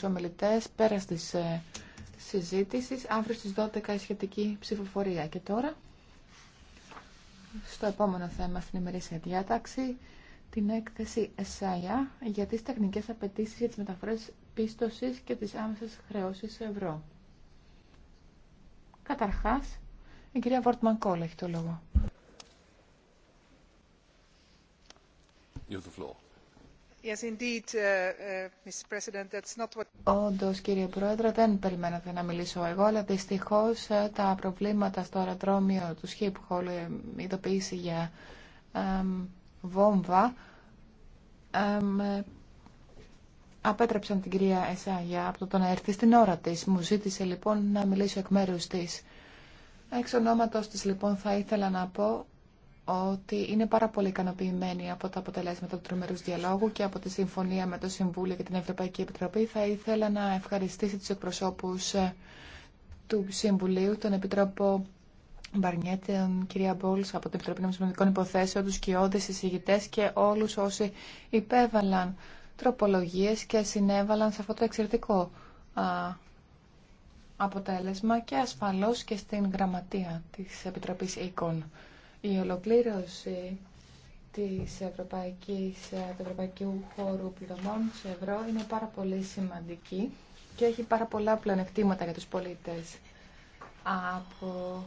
τους ομιλητές πέρα της ε, συζήτησης. Αύριο στις 12 η σχετική ψηφοφορία. Και τώρα, στο επόμενο θέμα στην ημερήσια διάταξη, την έκθεση ΕΣΑΙΑ για τις τεχνικές απαιτήσεις για τις μεταφορές πίστοσης και τις άμεσες χρεώσεις σε ευρώ. Καταρχάς, η κυρία Βόρτμαν Κόλ έχει το λόγο. Όντω uh, uh, Όντως, κύριε Πρόεδρε, δεν περιμένατε να μιλήσω εγώ, αλλά δυστυχώς ε, τα προβλήματα στο αεροδρόμιο του Σχίπχολ, ε, ειδοποίηση για βόμβα, ε, απέτρεψαν την κυρία Εσάγια από το να έρθει στην ώρα της. Μου ζήτησε λοιπόν να μιλήσω εκ μέρους της. Εξ ονόματος της λοιπόν θα ήθελα να πω ότι είναι πάρα πολύ ικανοποιημένη από τα αποτελέσματα του τρομερούς διαλόγου και από τη συμφωνία με το Συμβούλιο και την Ευρωπαϊκή Επιτροπή. Θα ήθελα να ευχαριστήσω τους εκπροσώπους ε, του Συμβουλίου, τον Επιτρόπο Μπαρνιέτε, τον κυρία Μπόλς από την Επιτροπή Νομισματικών Υποθέσεων, τους κοιόδες εισηγητές και όλους όσοι υπέβαλαν τροπολογίες και συνέβαλαν σε αυτό το εξαιρετικό αποτέλεσμα και ασφαλώς και στην γραμματεία της Επιτροπής Οίκων. Η ολοκλήρωση της Ευρωπαϊκής, του Ευρωπαϊκού Χώρου Πληρωμών σε ευρώ είναι πάρα πολύ σημαντική και έχει πάρα πολλά πλανεκτήματα για τους πολίτες. Από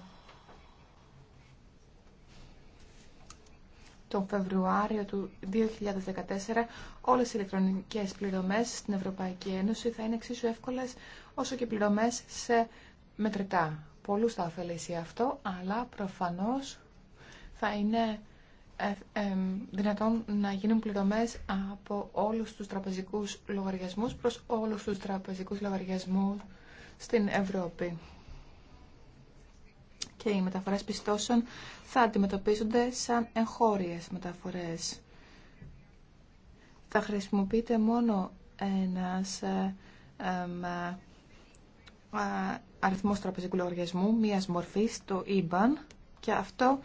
τον Φεβρουάριο του 2014 όλες οι ηλεκτρονικές πληρωμές στην Ευρωπαϊκή Ένωση θα είναι εξίσου εύκολες όσο και πληρωμές σε μετρητά. Πολλούς θα ωφελήσει αυτό, αλλά προφανώς θα είναι ε, δυνατόν να γίνουν πληρωμές από όλους τους τραπεζικούς λογαριασμούς προς όλους τους τραπεζικούς λογαριασμούς στην Ευρώπη. Και οι μεταφορές πιστώσεων θα αντιμετωπίζονται σαν εγχώριες μεταφορές. Θα χρησιμοποιείται μόνο ένας ε, ε, αριθμός τραπεζικού λογαριασμού, μίας μορφής, το IBAN, και αυτό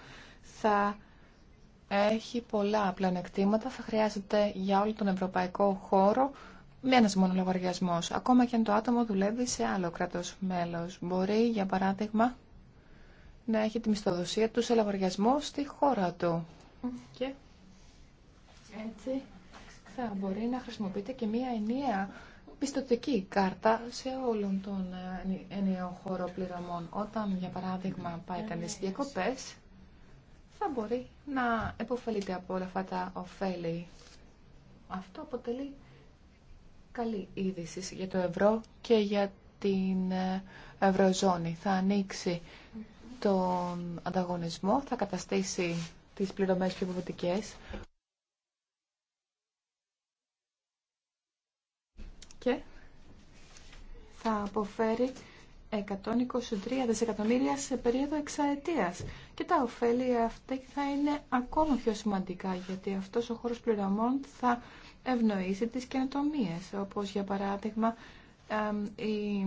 θα έχει πολλά πλανεκτήματα, θα χρειάζεται για όλο τον ευρωπαϊκό χώρο με ένας μόνο λογαριασμό. Ακόμα και αν το άτομο δουλεύει σε άλλο κρατό μέλος. Μπορεί, για παράδειγμα, να έχει τη μισθοδοσία του σε λογαριασμό στη χώρα του. Και έτσι θα μπορεί να χρησιμοποιείται και μία ενιαία πιστοτική κάρτα σε όλον τον ενιαίο χώρο πληρωμών. Όταν, για παράδειγμα, πάει κανείς διακοπές, θα μπορεί να επωφελείται από όλα αυτά τα ωφέλη. Αυτό αποτελεί καλή είδηση για το ευρώ και για την ε, ευρωζώνη. Θα ανοίξει τον ανταγωνισμό, θα καταστήσει τις πληρωμές πιο βοηθητικές. Και θα αποφέρει 123 δισεκατομμύρια σε περίοδο εξαετίας. Και τα ωφέλη αυτά θα είναι ακόμα πιο σημαντικά, γιατί αυτός ο χώρος πληρωμών θα ευνοήσει τις καινοτομίες, όπως για παράδειγμα η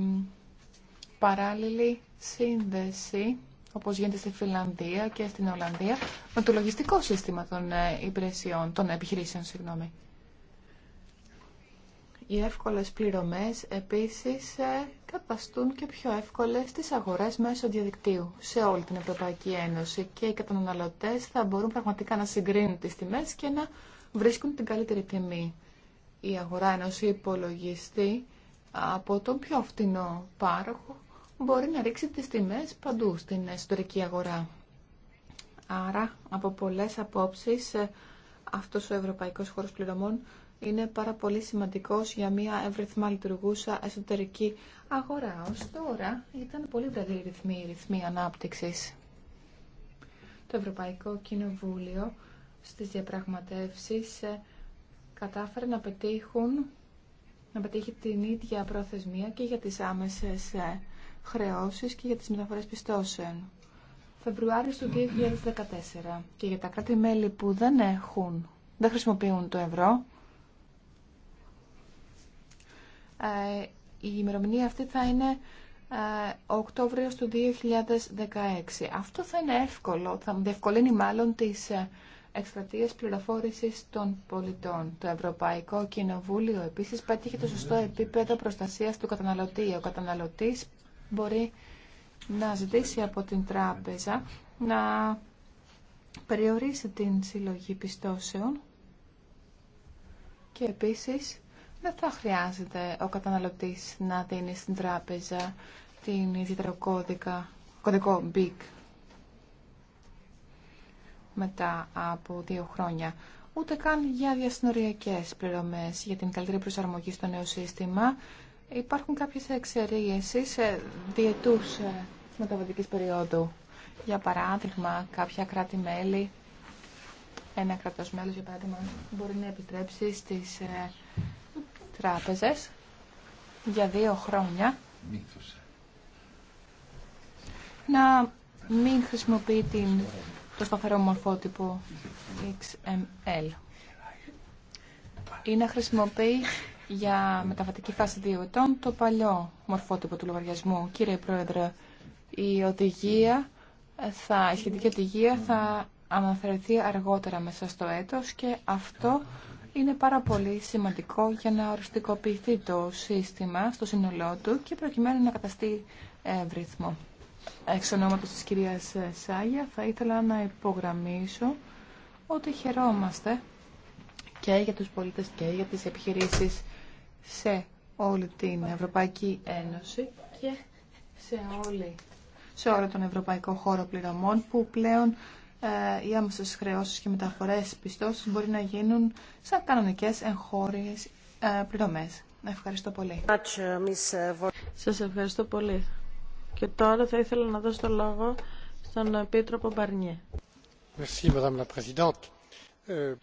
παράλληλη σύνδεση, όπως γίνεται στη Φιλανδία και στην Ολλανδία, με το λογιστικό σύστημα των ε, υπηρεσιών, των επιχειρήσεων, οι εύκολες πληρωμές επίσης ε, καταστούν και πιο εύκολες τις αγορές μέσω διαδικτύου σε όλη την Ευρωπαϊκή Ένωση και οι καταναλωτές θα μπορούν πραγματικά να συγκρίνουν τις τιμές και να βρίσκουν την καλύτερη τιμή. Η αγορά ενός υπολογιστή από τον πιο φτηνό πάροχο μπορεί να ρίξει τις τιμές παντού στην εσωτερική αγορά. Άρα, από πολλές απόψεις, ε, αυτός ο ευρωπαϊκός χώρος πληρωμών είναι πάρα πολύ σημαντικός για μια εύρυθμα λειτουργούσα εσωτερική αγορά. Ως τώρα ήταν πολύ βραδύ ρυθμοί, ρυθμή ανάπτυξης. Το Ευρωπαϊκό Κοινοβούλιο στις διαπραγματεύσεις ε, κατάφερε να πετύχουν να πετύχει την ίδια προθεσμία και για τις άμεσες ε, χρεώσεις και για τις μεταφορές πιστώσεων. Φεβρουάριο του 2014 και για τα κράτη-μέλη που δεν έχουν, δεν χρησιμοποιούν το ευρώ, ε, η ημερομηνία αυτή θα είναι ε, Οκτώβριος του 2016. Αυτό θα είναι εύκολο, θα διευκολύνει μάλλον τις ε, εκστρατείες πληροφόρησης των πολιτών. Το Ευρωπαϊκό Κοινοβούλιο επίσης πέτυχε το σωστό επίπεδο προστασίας του καταναλωτή. Ο καταναλωτής μπορεί να ζητήσει από την τράπεζα να περιορίσει την συλλογή πιστώσεων και επίσης δεν θα χρειάζεται ο καταναλωτής να δίνει στην τράπεζα την ιδιαίτερο κώδικα, κωδικό BIC μετά από δύο χρόνια. Ούτε καν για διασυνοριακές πληρωμές για την καλύτερη προσαρμογή στο νέο σύστημα. Υπάρχουν κάποιες εξαιρείες σε διετούς ε, μεταβατικής περίοδου. Για παράδειγμα, κάποια κράτη-μέλη, ένα κρατός μέλος, για παράδειγμα, μπορεί να επιτρέψει στις ε, τράπεζες για δύο χρόνια να μην χρησιμοποιεί την, το σταθερό μορφότυπο XML ή να χρησιμοποιεί για μεταβατική φάση δύο ετών το παλιό μορφότυπο του λογαριασμού. Κύριε Πρόεδρε, η οδηγία θα, η σχετική οδηγία θα αναφερθεί αργότερα μέσα στο έτος και αυτό είναι πάρα πολύ σημαντικό για να οριστικοποιηθεί το σύστημα στο σύνολό του και προκειμένου να καταστεί εύρυθμο. Εξ ονόματος της κυρίας Σάγια θα ήθελα να υπογραμμίσω ότι χαιρόμαστε και για τους πολίτες και για τις επιχειρήσεις σε όλη την Ευρωπαϊκή Ένωση και σε όλη σε όλο τον ευρωπαϊκό χώρο πληρωμών που πλέον ε, οι άμεσες χρεώσεις και μεταφορές πιστώσεις μπορεί να γίνουν σαν κανονικές εγχώριες ε, πληρωμές. Ευχαριστώ πολύ. Σας ευχαριστώ πολύ. Και τώρα θα ήθελα να δώσω το λόγο στον Επίτροπο Μπαρνιέ. Merci, Madame la ε,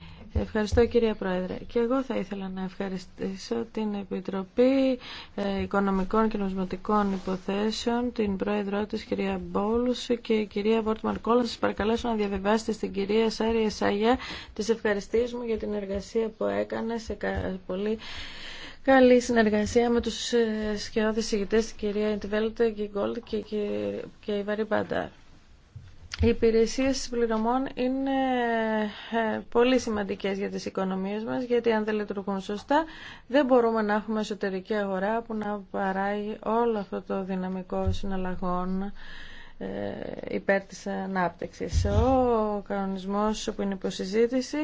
ευχαριστώ κυρία Πρόεδρε. Και εγώ θα ήθελα να ευχαριστήσω την Επιτροπή ε, Οικονομικών και Νομισματικών Υποθέσεων, την Πρόεδρό της κυρία Μπόλους και η κυρία Βόρτμαρ Κόλλα. Σας παρακαλέσω να διαβεβάσετε στην κυρία Σάρια Σαγιά τις ευχαριστίες μου για την εργασία που έκανε σε πολύ Καλή συνεργασία με τους ε, σχεδόν ηγητές, την κυρία Ιντβέλτε, Γκίγκολτ και η Βαρή Μπαντάρ. Οι υπηρεσίε πληρωμών είναι ε, πολύ σημαντικέ για τι οικονομίε μα, γιατί αν δεν λειτουργούν σωστά, δεν μπορούμε να έχουμε εσωτερική αγορά που να παράγει όλο αυτό το δυναμικό συναλλαγών ε, υπέρ της ανάπτυξης. Ο κανονισμός που είναι υποσυζήτηση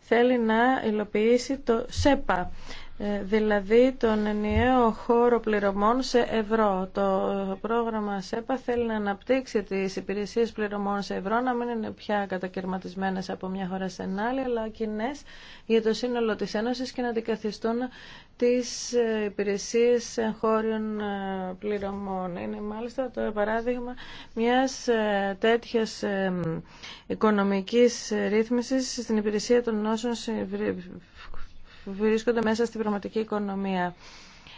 θέλει να υλοποιήσει το ΣΕΠΑ. Ε, δηλαδή τον ενιαίο χώρο πληρωμών σε ευρώ. Το πρόγραμμα ΣΕΠΑ θέλει να αναπτύξει τις υπηρεσίες πληρωμών σε ευρώ, να μην είναι πια κατακαιρματισμένες από μια χώρα σε άλλη, αλλά κοινέ για το σύνολο της Ένωσης και να αντικαθιστούν τις ε, υπηρεσίες χώριων ε, πληρωμών. Είναι μάλιστα το παράδειγμα μιας τέτοιας οικονομικής ρύθμισης στην υπηρεσία των νόσων που βρίσκονται μέσα στην πραγματική οικονομία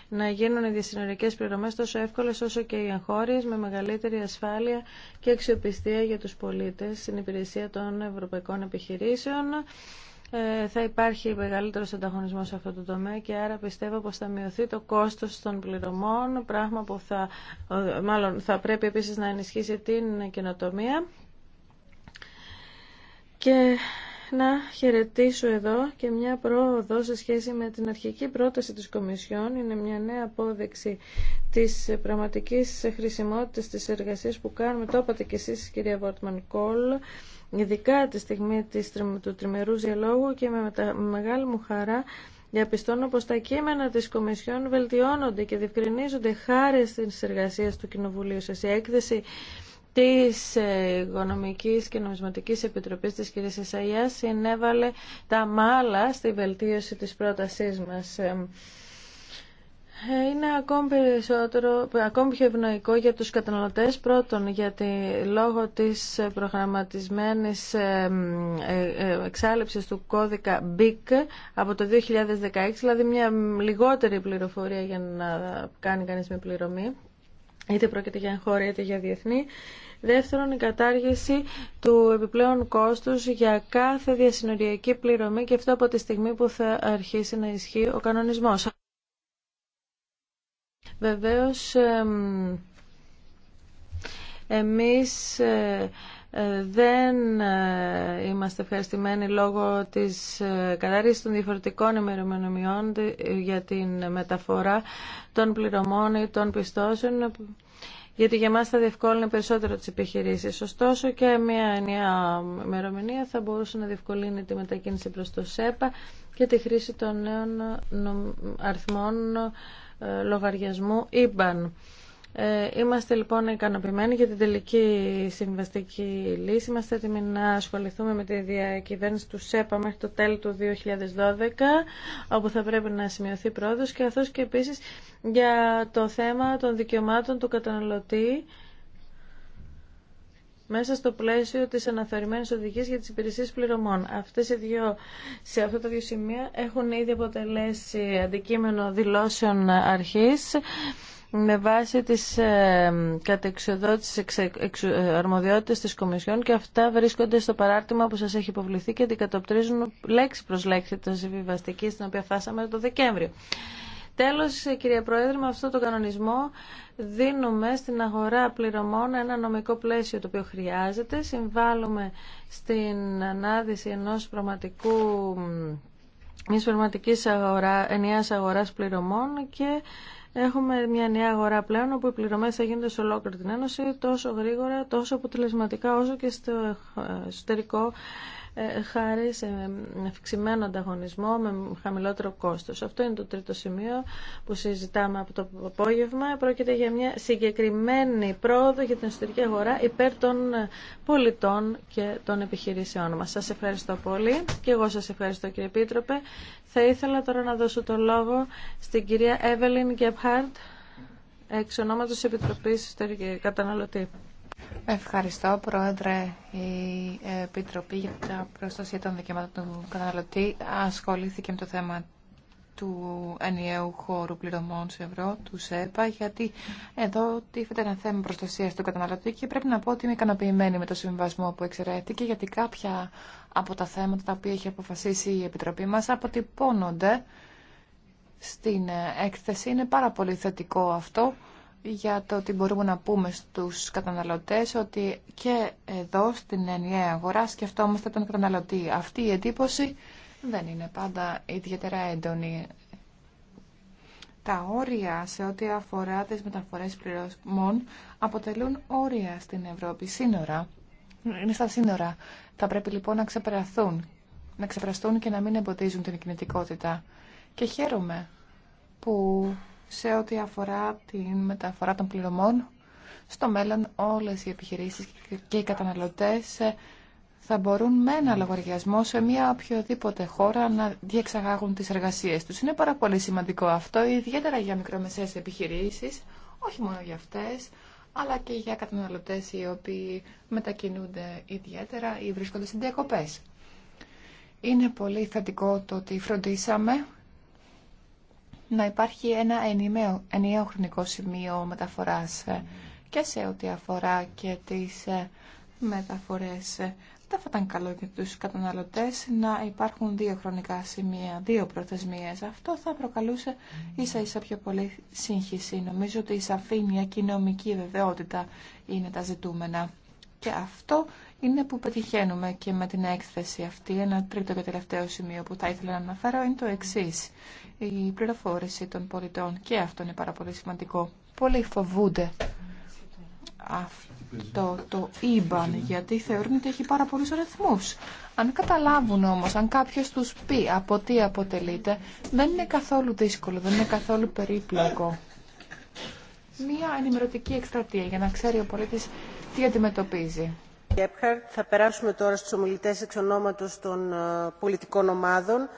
να γίνουν οι διασυνορικές πληρωμές τόσο εύκολες όσο και οι εγχώριες με μεγαλύτερη ασφάλεια και αξιοπιστία για τους πολίτες στην υπηρεσία των ευρωπαϊκών επιχειρήσεων. Ε, θα υπάρχει μεγαλύτερο ανταγωνισμό σε αυτό το τομέα και άρα πιστεύω πως θα μειωθεί το κόστος των πληρωμών, πράγμα που θα, μάλλον θα πρέπει επίσης να ενισχύσει την καινοτομία. Και να χαιρετήσω εδώ και μια πρόοδο σε σχέση με την αρχική πρόταση της Κομισιόν. Είναι μια νέα απόδειξη της πραγματικής χρησιμότητας της εργασίας που κάνουμε. Το είπατε και εσείς κυρία Βόρτμαν Κόλ, ειδικά τη στιγμή της, του τριμερού διαλόγου και με, μεγάλη μου χαρά Διαπιστώνω πως τα κείμενα της Κομισιόν βελτιώνονται και διευκρινίζονται χάρη στις εργασίες του Κοινοβουλίου. Σε έκθεση της Οικονομικής και Νομισματικής Επιτροπής της κυρίας Εσαγιάς συνέβαλε τα μάλα στη βελτίωση της πρότασής μας. Ε, είναι ακόμη, περισσότερο, ακόμη πιο ευνοϊκό για τους καταναλωτές πρώτον γιατί λόγω της προγραμματισμένης ε, ε, εξάλληψης του κώδικα BIC από το 2016 δηλαδή μια λιγότερη πληροφορία για να κάνει κανείς με πληρωμή είτε πρόκειται για χώρα είτε για διεθνή. Δεύτερον, η κατάργηση του επιπλέον κόστους για κάθε διασυνοριακή πληρωμή και αυτό από τη στιγμή που θα αρχίσει να ισχύει ο κανονισμός. Βεβαίως, εμείς ε, ε, δεν ε, είμαστε ευχαριστημένοι λόγω της ε, κατάρρησης των διαφορετικών ημερομηνιών για την μεταφορά των πληρωμών ή των πιστώσεων γιατί για μας θα διευκόλυνε περισσότερο τις επιχειρήσεις. Ωστόσο και μια ενιαία ημερομηνία θα μπορούσε να διευκολύνει τη μετακίνηση προς το ΣΕΠΑ και τη χρήση των νέων αριθμών λογαριασμού IBAN. Ε, είμαστε λοιπόν ικανοποιημένοι για την τελική συμβαστική λύση. Είμαστε έτοιμοι να ασχοληθούμε με τη διακυβέρνηση του ΣΕΠΑ μέχρι το τέλος του 2012, όπου θα πρέπει να σημειωθεί πρόοδος, και καθώς και επίσης για το θέμα των δικαιωμάτων του καταναλωτή μέσα στο πλαίσιο της αναθεωρημένης οδηγίας για τις υπηρεσίες πληρωμών. Αυτές οι δύο, σε αυτά τα δύο σημεία έχουν ήδη αποτελέσει αντικείμενο δηλώσεων αρχής με βάση τις ε, εξ, ε, αρμοδιότητες της Κομισιόν και αυτά βρίσκονται στο παράρτημα που σας έχει υποβληθεί και αντικατοπτρίζουν λέξη προς λέξη τη συμβιβαστική στην οποία φτάσαμε το Δεκέμβριο. Τέλος, ε, κυρία Πρόεδρε, με αυτόν τον κανονισμό δίνουμε στην αγορά πληρωμών ένα νομικό πλαίσιο το οποίο χρειάζεται. Συμβάλλουμε στην ανάδυση ενός πραγματικού μιας πραγματικής αγορά, ενιαίας αγοράς πληρωμών και Έχουμε μια νέα αγορά πλέον όπου οι πληρωμές θα γίνονται σε ολόκληρη την Ένωση τόσο γρήγορα, τόσο αποτελεσματικά όσο και στο ε, εσωτερικό ε, χάρη σε αυξημένο ανταγωνισμό με χαμηλότερο κόστος. Αυτό είναι το τρίτο σημείο που συζητάμε από το απόγευμα. Πρόκειται για μια συγκεκριμένη πρόοδο για την εσωτερική αγορά υπέρ των πολιτών και των επιχειρήσεών μας. Σας ευχαριστώ πολύ και εγώ σας ευχαριστώ κύριε Επίτροπε. Θα ήθελα τώρα να δώσω το λόγο στην κυρία Εύελιν Γκέπχαρτ εξ ονόματος Επιτροπής Καταναλωτή. Ευχαριστώ, Πρόεδρε. Η Επιτροπή για την Προστασία των Δικαιωμάτων του Καταναλωτή ασχολήθηκε με το θέμα του ενιαίου χώρου πληρωμών σε ευρώ, του ΣΕΠΑ, γιατί εδώ τίθεται ένα θέμα προστασία του καταναλωτή και πρέπει να πω ότι είμαι ικανοποιημένη με το συμβασμό που εξαιρέθηκε, γιατί κάποια από τα θέματα τα οποία έχει αποφασίσει η Επιτροπή μα αποτυπώνονται στην έκθεση. Είναι πάρα πολύ θετικό αυτό για το ότι μπορούμε να πούμε στους καταναλωτές ότι και εδώ στην ενιαία αγορά σκεφτόμαστε τον καταναλωτή. Αυτή η εντύπωση δεν είναι πάντα ιδιαίτερα έντονη. Τα όρια σε ό,τι αφορά τις μεταφορές πληρωμών αποτελούν όρια στην Ευρώπη. Σύνορα. Είναι στα σύνορα. Θα πρέπει λοιπόν να ξεπεραθούν, να ξεπεραστούν και να μην εμποδίζουν την κινητικότητα. Και χαίρομαι που σε ό,τι αφορά την μεταφορά των πληρωμών. Στο μέλλον όλες οι επιχειρήσεις και οι καταναλωτές ε, θα μπορούν με ένα λογαριασμό σε μια οποιοδήποτε χώρα να διεξαγάγουν τις εργασίες τους. Είναι πάρα πολύ σημαντικό αυτό, ιδιαίτερα για μικρομεσαίες επιχειρήσεις, όχι μόνο για αυτές, αλλά και για καταναλωτές οι οποίοι μετακινούνται ιδιαίτερα ή βρίσκονται σε διακοπές. Είναι πολύ θετικό το ότι φροντίσαμε να υπάρχει ένα ενιαίο, ενιαίο χρονικό σημείο μεταφοράς ε, και σε ό,τι αφορά και τις ε, μεταφορές. Ε, δεν θα ήταν καλό για τους καταναλωτές να υπάρχουν δύο χρονικά σημεία, δύο προθεσμίες. Αυτό θα προκαλούσε ίσα ίσα πιο πολύ σύγχυση. Νομίζω ότι η σαφήνια και η νομική βεβαιότητα είναι τα ζητούμενα. Και αυτό είναι που πετυχαίνουμε και με την έκθεση αυτή. Ένα τρίτο και τελευταίο σημείο που θα ήθελα να αναφέρω είναι το εξή. Η πληροφόρηση των πολιτών και αυτό είναι πάρα πολύ σημαντικό. Πολλοί φοβούνται αυτό το IBAN γιατί θεωρούν ότι έχει πάρα πολλούς αριθμούς. Αν καταλάβουν όμως, αν κάποιος τους πει από τι αποτελείται, δεν είναι καθόλου δύσκολο, δεν είναι καθόλου περίπλοκο. Μία ενημερωτική εκστρατεία για να ξέρει ο πολίτης τι αντιμετωπίζει. Θα περάσουμε τώρα στους ομιλητές εξ ονόματος των ε, πολιτικών ομάδων.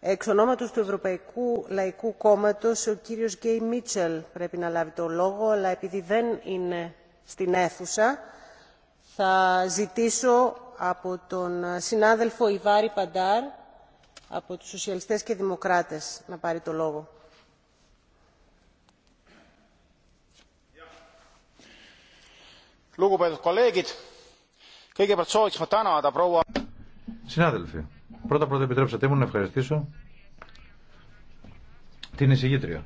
Εξ ονόματος του Ευρωπαϊκού Λαϊκού Κόμματος, ο κύριος Γκέι Μίτσελ πρέπει να λάβει το λόγο, αλλά επειδή δεν είναι στην αίθουσα, θα ζητήσω από τον συνάδελφο Ιβάρη Παντάρ, από τους Σοσιαλιστές και Δημοκράτες, να πάρει το λόγο. Συνάδελφοι, πρώτα πρώτα επιτρέψατε μου να ευχαριστήσω την εισηγήτρια,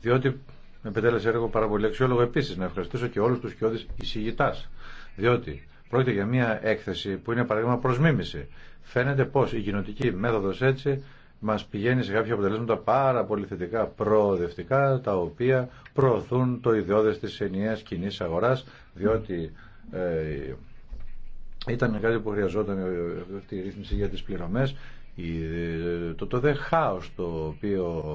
διότι με επιτέλεσε έργο πάρα πολύ αξιόλογο. Επίσης, να ευχαριστήσω και όλους τους κοιόδης εισηγητάς, διότι πρόκειται για μια έκθεση που είναι παράδειγμα προς μίμηση. Φαίνεται πως η κοινοτική μέθοδος έτσι μας πηγαίνει σε κάποια αποτελέσματα πάρα πολύ θετικά, προοδευτικά, τα οποία προωθούν το ιδεώδες της ενιαίας κοινή αγορά διότι ε, ήταν κάτι που χρειαζόταν αυτή η ρύθμιση για τις πληρωμές. Το, το δε χάος το οποίο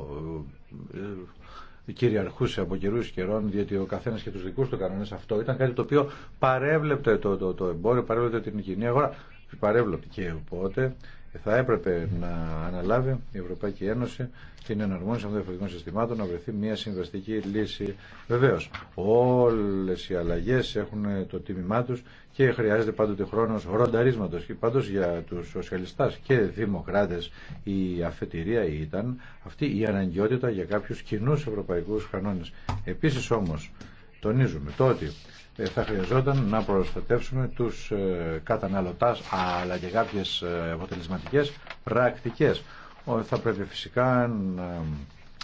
ε, κυριαρχούσε από καιρού καιρών, διότι ο καθένας και του δικού του κανόνες αυτό ήταν κάτι το οποίο παρέβλεπτε το, το, το εμπόριο, παρέβλεπτε την κοινή αγορά. Παρέβλεπτε. Και οπότε θα έπρεπε να αναλάβει η Ευρωπαϊκή Ένωση την εναρμόνιση των διαφορετικών συστημάτων να βρεθεί μια συμβαστική λύση. Βεβαίω, όλε οι αλλαγέ έχουν το τίμημά του και χρειάζεται πάντοτε χρόνο ρονταρίσματο. Και πάντω για του σοσιαλιστέ και δημοκράτε η αφετηρία ήταν αυτή η αναγκαιότητα για κάποιου κοινού ευρωπαϊκού κανόνε. Επίση όμω, τονίζουμε το ότι ε, θα χρειαζόταν να προστατεύσουμε τους ε, καταναλωτάς αλλά και κάποιες ε, αποτελεσματικές πρακτικές. Θα πρέπει φυσικά να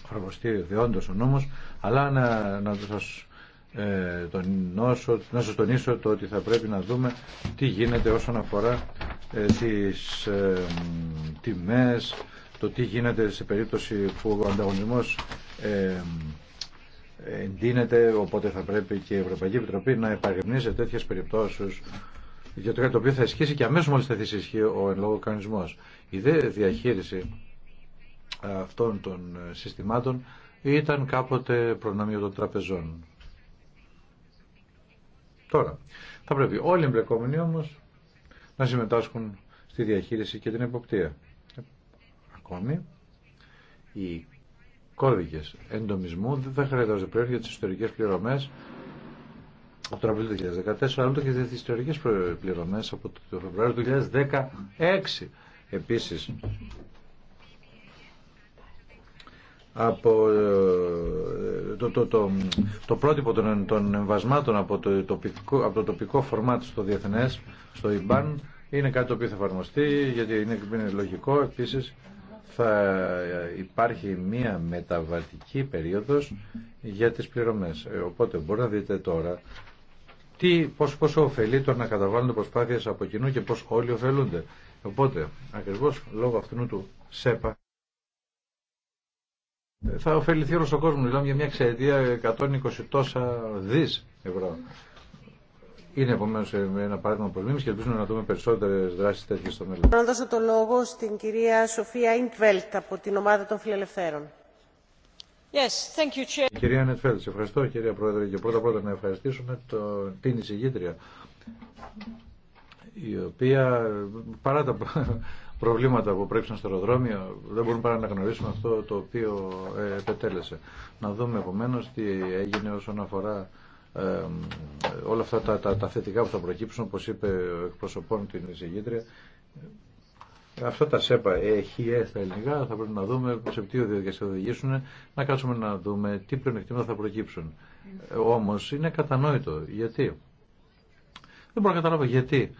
φραγωστεί διόντως ο νόμος αλλά να, να σας ε, να σας τονίσω το ότι θα πρέπει να δούμε τι γίνεται όσον αφορά ε, τις τιμές, το τι γίνεται σε περίπτωση που ο ανταγωνισμός εντείνεται, οπότε θα πρέπει και η Ευρωπαϊκή Επιτροπή να επαγγελνίζει τέτοιε περιπτώσει για το οποίο θα ισχύσει και αμέσω μόλι θα θέσει ισχύ ο εν λόγω κανονισμό. Η δε διαχείριση αυτών των συστημάτων ήταν κάποτε προνομίο των τραπεζών. Τώρα, θα πρέπει όλοι οι εμπλεκόμενοι όμω να συμμετάσχουν στη διαχείριση και την εποπτεία. Ακόμη, η κώδικε. εντομισμού, δεν θα χρειαζόταν πλέον για τι ιστορικές πληρωμές από τον Απρίλιο του 2014, αλλά και για τις ιστορικές πληρωμές από το Φεβρουάριο του 2016. Επίση. από ε, το, το, το, το πρότυπο των, των εμβασμάτων από το τοπικό, από το τοπικό φορμάτ στο διεθνές, στο ΙΜΠΑΝ είναι κάτι το οποίο θα εφαρμοστεί, γιατί είναι, είναι λογικό επίσης θα υπάρχει μία μεταβατική περίοδος για τις πληρωμές. Ε, οπότε μπορείτε να δείτε τώρα τι, πώς, πόσο ωφελεί το να καταβάλουν προσπάθειες από κοινού και πώς όλοι ωφελούνται. Οπότε, ακριβώς λόγω αυτού του ΣΕΠΑ, ε, θα ωφεληθεί όλος ο κόσμος. Μιλάμε για μια εξαιτία 120 τόσα δις ευρώ. Είναι επομένω ένα παράδειγμα προβλήματο και ελπίζουμε να δούμε περισσότερε δράσει τέτοιε στο μέλλον. Να δώσω το λόγο στην κυρία Σοφία Ιντβέλτ από την ομάδα των Φιλελευθέρων. Yes, thank you, Chair. Κυρία Νετφέλτ, ευχαριστώ κυρία Πρόεδρε και πρώτα πρώτα να ευχαριστήσουμε το, την εισηγήτρια η οποία παρά τα προβλήματα που πρέπει στο αεροδρόμιο δεν μπορούμε παρά να γνωρίσουμε αυτό το οποίο ε, επετέλεσε. Να δούμε επομένω τι έγινε όσον αφορά όλα αυτά τα, τα, τα θετικά που θα προκύψουν, όπως είπε ο εκπροσωπών την εισηγήτρια, αυτά τα ΣΕΠΑ έχει ε, στα ελληνικά, θα πρέπει να δούμε σε ποιο διαδικασία θα οδηγήσουν, να κάτσουμε να δούμε τι πλεονεκτήματα θα προκύψουν. Ε, όμως είναι κατανόητο. Γιατί? Δεν μπορώ να καταλάβω γιατί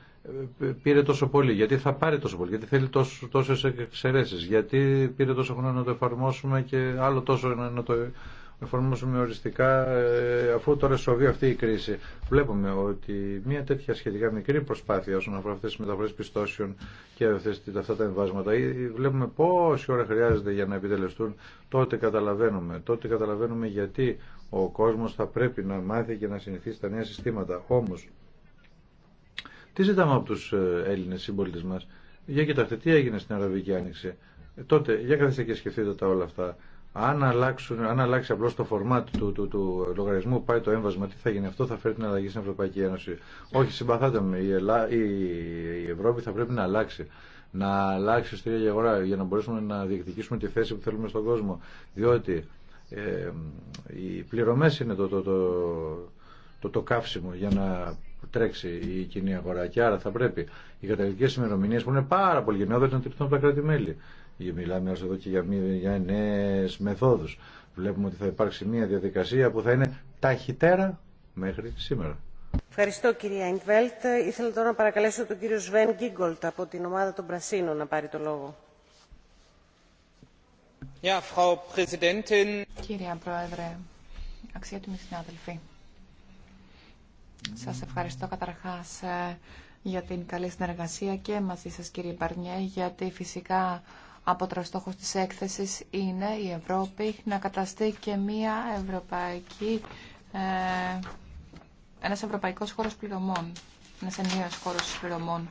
ε, πήρε τόσο πολύ, γιατί θα πάρει τόσο πολύ, γιατί θέλει τόσο τόσες εξαιρέσεις, γιατί πήρε τόσο χρόνο να το εφαρμόσουμε και άλλο τόσο να το εφαρμόσουμε οριστικά ε, αφού τώρα σοβεί αυτή η κρίση. Βλέπουμε ότι μια τέτοια σχετικά μικρή προσπάθεια όσον αφορά αυτέ τι μεταφορέ πιστώσεων και αυτές, αυτά τα εμβάσματα ε, βλέπουμε πόση ώρα χρειάζεται για να επιτελεστούν τότε καταλαβαίνουμε. Τότε καταλαβαίνουμε γιατί ο κόσμο θα πρέπει να μάθει και να συνηθίσει τα νέα συστήματα. Όμω, τι ζητάμε από του ε, Έλληνε συμπολίτε μα, Για κοιτάξτε τι έγινε στην Αραβική Άνοιξη. Τότε, για καθίστε και σκεφτείτε τα όλα αυτά. Αν, αλλάξουν, αν αλλάξει απλώ το φορμάτ του, του, του λογαριασμού, πάει το έμβασμα, τι θα γίνει αυτό, θα φέρει την αλλαγή στην Ευρωπαϊκή Ένωση. Όχι, συμπαθάτε με, η, η, η Ευρώπη θα πρέπει να αλλάξει. Να αλλάξει στη ίδια αγορά για να μπορέσουμε να διεκδικήσουμε τη θέση που θέλουμε στον κόσμο. Διότι ε, οι πληρωμέ είναι το, το, το, το, το καύσιμο για να τρέξει η κοινή αγορά. Και άρα θα πρέπει οι καταληκτικέ ημερομηνίε που είναι πάρα πολύ γενναιόδορε να τυπηθούν από τα κράτη-μέλη. Μιλάμε εδώ και για, για νέε μεθόδου. Βλέπουμε ότι θα υπάρξει μια διαδικασία που θα είναι ταχυτέρα μέχρι σήμερα. Ευχαριστώ κυρία Ιντβέλτ. Ήθελα τώρα να παρακαλέσω τον κύριο Σβέν Γκίγκολτ από την ομάδα των Πρασίνων να πάρει το λόγο. Ja, Frau Präsidentin. Κυρία Πρόεδρε, αξιότιμοι συνάδελφοι, σας ευχαριστώ καταρχάς ε, για την καλή συνεργασία και μαζί σας κύριε Παρνιέ, γιατί φυσικά απότερο στόχος της έκθεσης είναι η Ευρώπη να καταστεί και μια ευρωπαϊκή, ε, ένας ευρωπαϊκός χώρος πληρωμών, ένας ενιαίος χώρος πληρωμών.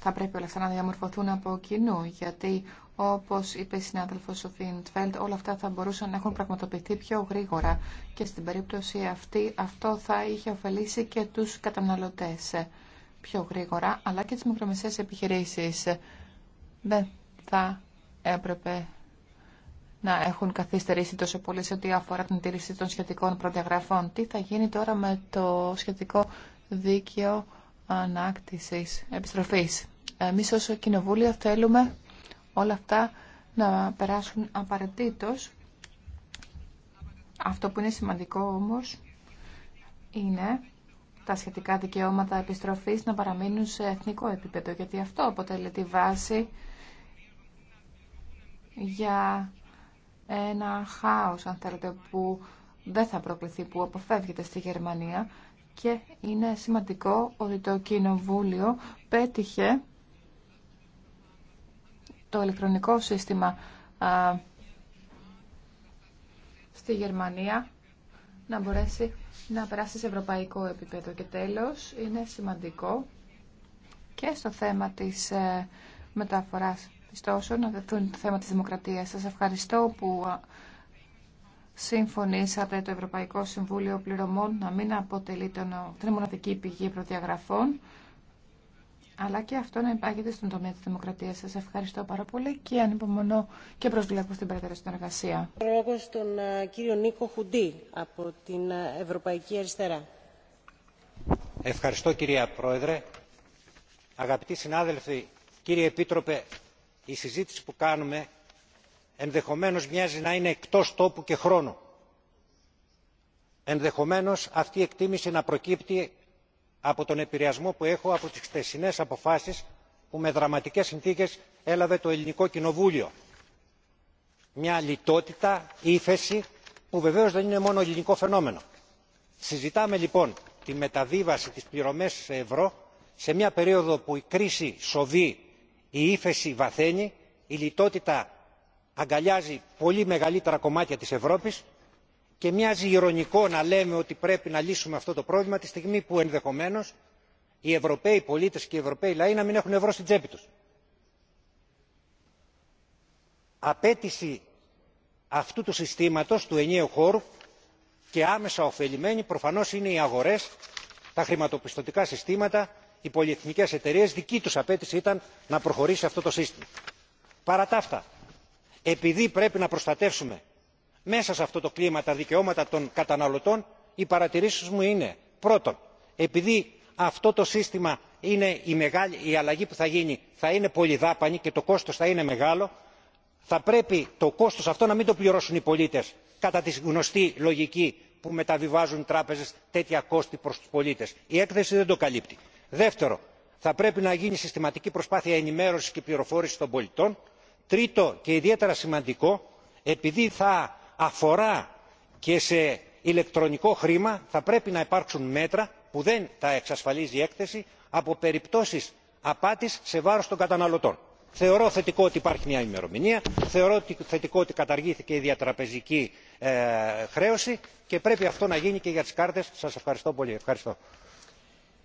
Θα πρέπει όλα αυτά να διαμορφωθούν από κοινού, γιατί όπως είπε η συνάδελφος Σοφίν Φέλτ, όλα αυτά θα μπορούσαν να έχουν πραγματοποιηθεί πιο γρήγορα και στην περίπτωση αυτή αυτό θα είχε ωφελήσει και τους καταναλωτές πιο γρήγορα, αλλά και τις μικρομεσαίες επιχειρήσεις. Δεν θα έπρεπε να έχουν καθυστερήσει τόσο πολύ σε ό,τι αφορά την τήρηση των σχετικών προδιαγραφών. Τι θα γίνει τώρα με το σχετικό δίκαιο ανάκτησης, επιστροφής. Εμείς ως Κοινοβούλιο θέλουμε όλα αυτά να περάσουν απαραίτητος. Αυτό που είναι σημαντικό όμως είναι τα σχετικά δικαιώματα επιστροφής να παραμείνουν σε εθνικό επίπεδο, γιατί αυτό αποτελεί τη βάση για ένα χάος, αν θέλετε, που δεν θα προκληθεί, που αποφεύγεται στη Γερμανία και είναι σημαντικό ότι το Κοινοβούλιο πέτυχε το ηλεκτρονικό σύστημα στη Γερμανία να μπορέσει να περάσει σε ευρωπαϊκό επίπεδο. Και τέλος, είναι σημαντικό και στο θέμα της ε, μεταφοράς πιστώσεων, να δεθούν το θέμα της δημοκρατίας. Σας ευχαριστώ που συμφωνήσατε το Ευρωπαϊκό Συμβούλιο Πληρωμών να μην αποτελεί την μοναδική πηγή προδιαγραφών, αλλά και αυτό να υπάγεται στον τομέα της δημοκρατίας. Σας ευχαριστώ πάρα πολύ και ανυπομονώ και προσβλέπω στην περαιτέρω συνεργασία. Λόγω στον κύριο Νίκο Χουντή από την Ευρωπαϊκή Αριστερά. Ευχαριστώ κυρία Πρόεδρε. Αγαπητοί συνάδελφοι, κύριε Επίτροπε, η συζήτηση που κάνουμε ενδεχομένως μοιάζει να είναι εκτός τόπου και χρόνου. Ενδεχομένως αυτή η εκτίμηση να προκύπτει από τον επηρεασμό που έχω από τις χτεσινέ αποφάσεις που με δραματικές συνθήκε έλαβε το ελληνικό κοινοβούλιο. μια λιτότητα ύφεση που βεβαίω δεν είναι μόνο ελληνικό φαινόμενο. συζητάμε λοιπόν τη μεταβίβαση τη πληρωμής σε ευρώ σε μια περίοδο που η κρίση σοβεί η ύφεση βαθαίνει η λιτότητα αγκαλιάζει πολύ μεγαλύτερα κομμάτια της ευρώπης και μοιάζει ηρωνικό να λέμε ότι πρέπει να λύσουμε αυτό το πρόβλημα τη στιγμή που ενδεχομένω οι ευρωπαίοι πολίτε και οι ευρωπαίοι λαοί να μην έχουν ευρώ στην τσέπη του. απέτηση αυτού του συστήματος του ενιαίου χώρου και άμεσα ωφελημένοι προφανώς είναι οι αγορές τα χρηματοπιστωτικά συστήματα οι πολυεθνικές εταιρείες δική τους απέτηση ήταν να προχωρήσει αυτό το σύστημα. παρά τα αυτά επειδή πρέπει να προστατεύσουμε μέσα σε αυτό το κλίμα τα δικαιώματα των καταναλωτών οι παρατηρήσεις μου είναι πρώτον επειδή αυτό το σύστημα η αλλαγή που θα γίνει θα είναι πολυδάπανη και το κόστος θα είναι μεγάλο θα πρέπει το κόστος αυτό να μην το πληρώσουν οι πολίτες κατά τη γνωστή λογική που μεταβιβάζουν τράπεζες τέτοια κόστη προς τους πολίτες. η έκθεση δεν το καλύπτει. δεύτερον θα πρέπει να γίνει συστηματική προσπάθεια ενημέρωσης και πληροφόρησης των πολιτών. τρίτον και ιδιαίτερα σημαντικό επειδή θα αφορά και σε ηλεκτρονικό χρήμα θα πρέπει να υπάρξουν μέτρα που δεν τα εξασφαλίζει η έκθεση από περιπτώσεις απάτης σε βάρος των καταναλωτών. θεωρώ θετικό ότι υπάρχει μια ημερομηνία θεωρώ θετικό ότι καταργήθηκε η διατραπεζική ε, χρέωση και πρέπει αυτό να γίνει και για τις κάρτες. σας ευχαριστώ πολύ. Ευχαριστώ.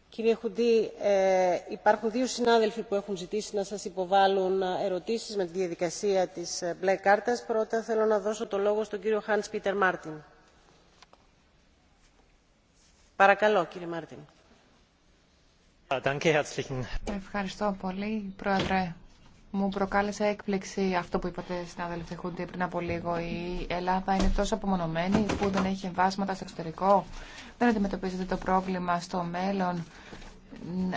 Κύριε Χουντή, ε, υπάρχουν δύο συνάδελφοι που έχουν ζητήσει να σας υποβάλουν ε, ερωτήσεις με τη διαδικασία της ε, μπλε κάρτας. Πρώτα θέλω να δώσω το λόγο στον κύριο Χάνς Πίτερ Μάρτιν. Παρακαλώ, κύριε Μάρτιν. Ευχαριστώ πολύ, Πρόεδρε. Μου προκάλεσε έκπληξη αυτό που είπατε στην αδελφή Χούντι πριν από λίγο. Η Ελλάδα είναι τόσο απομονωμένη που δεν έχει εμβάσματα στο εξωτερικό. Δεν αντιμετωπίζετε το πρόβλημα στο μέλλον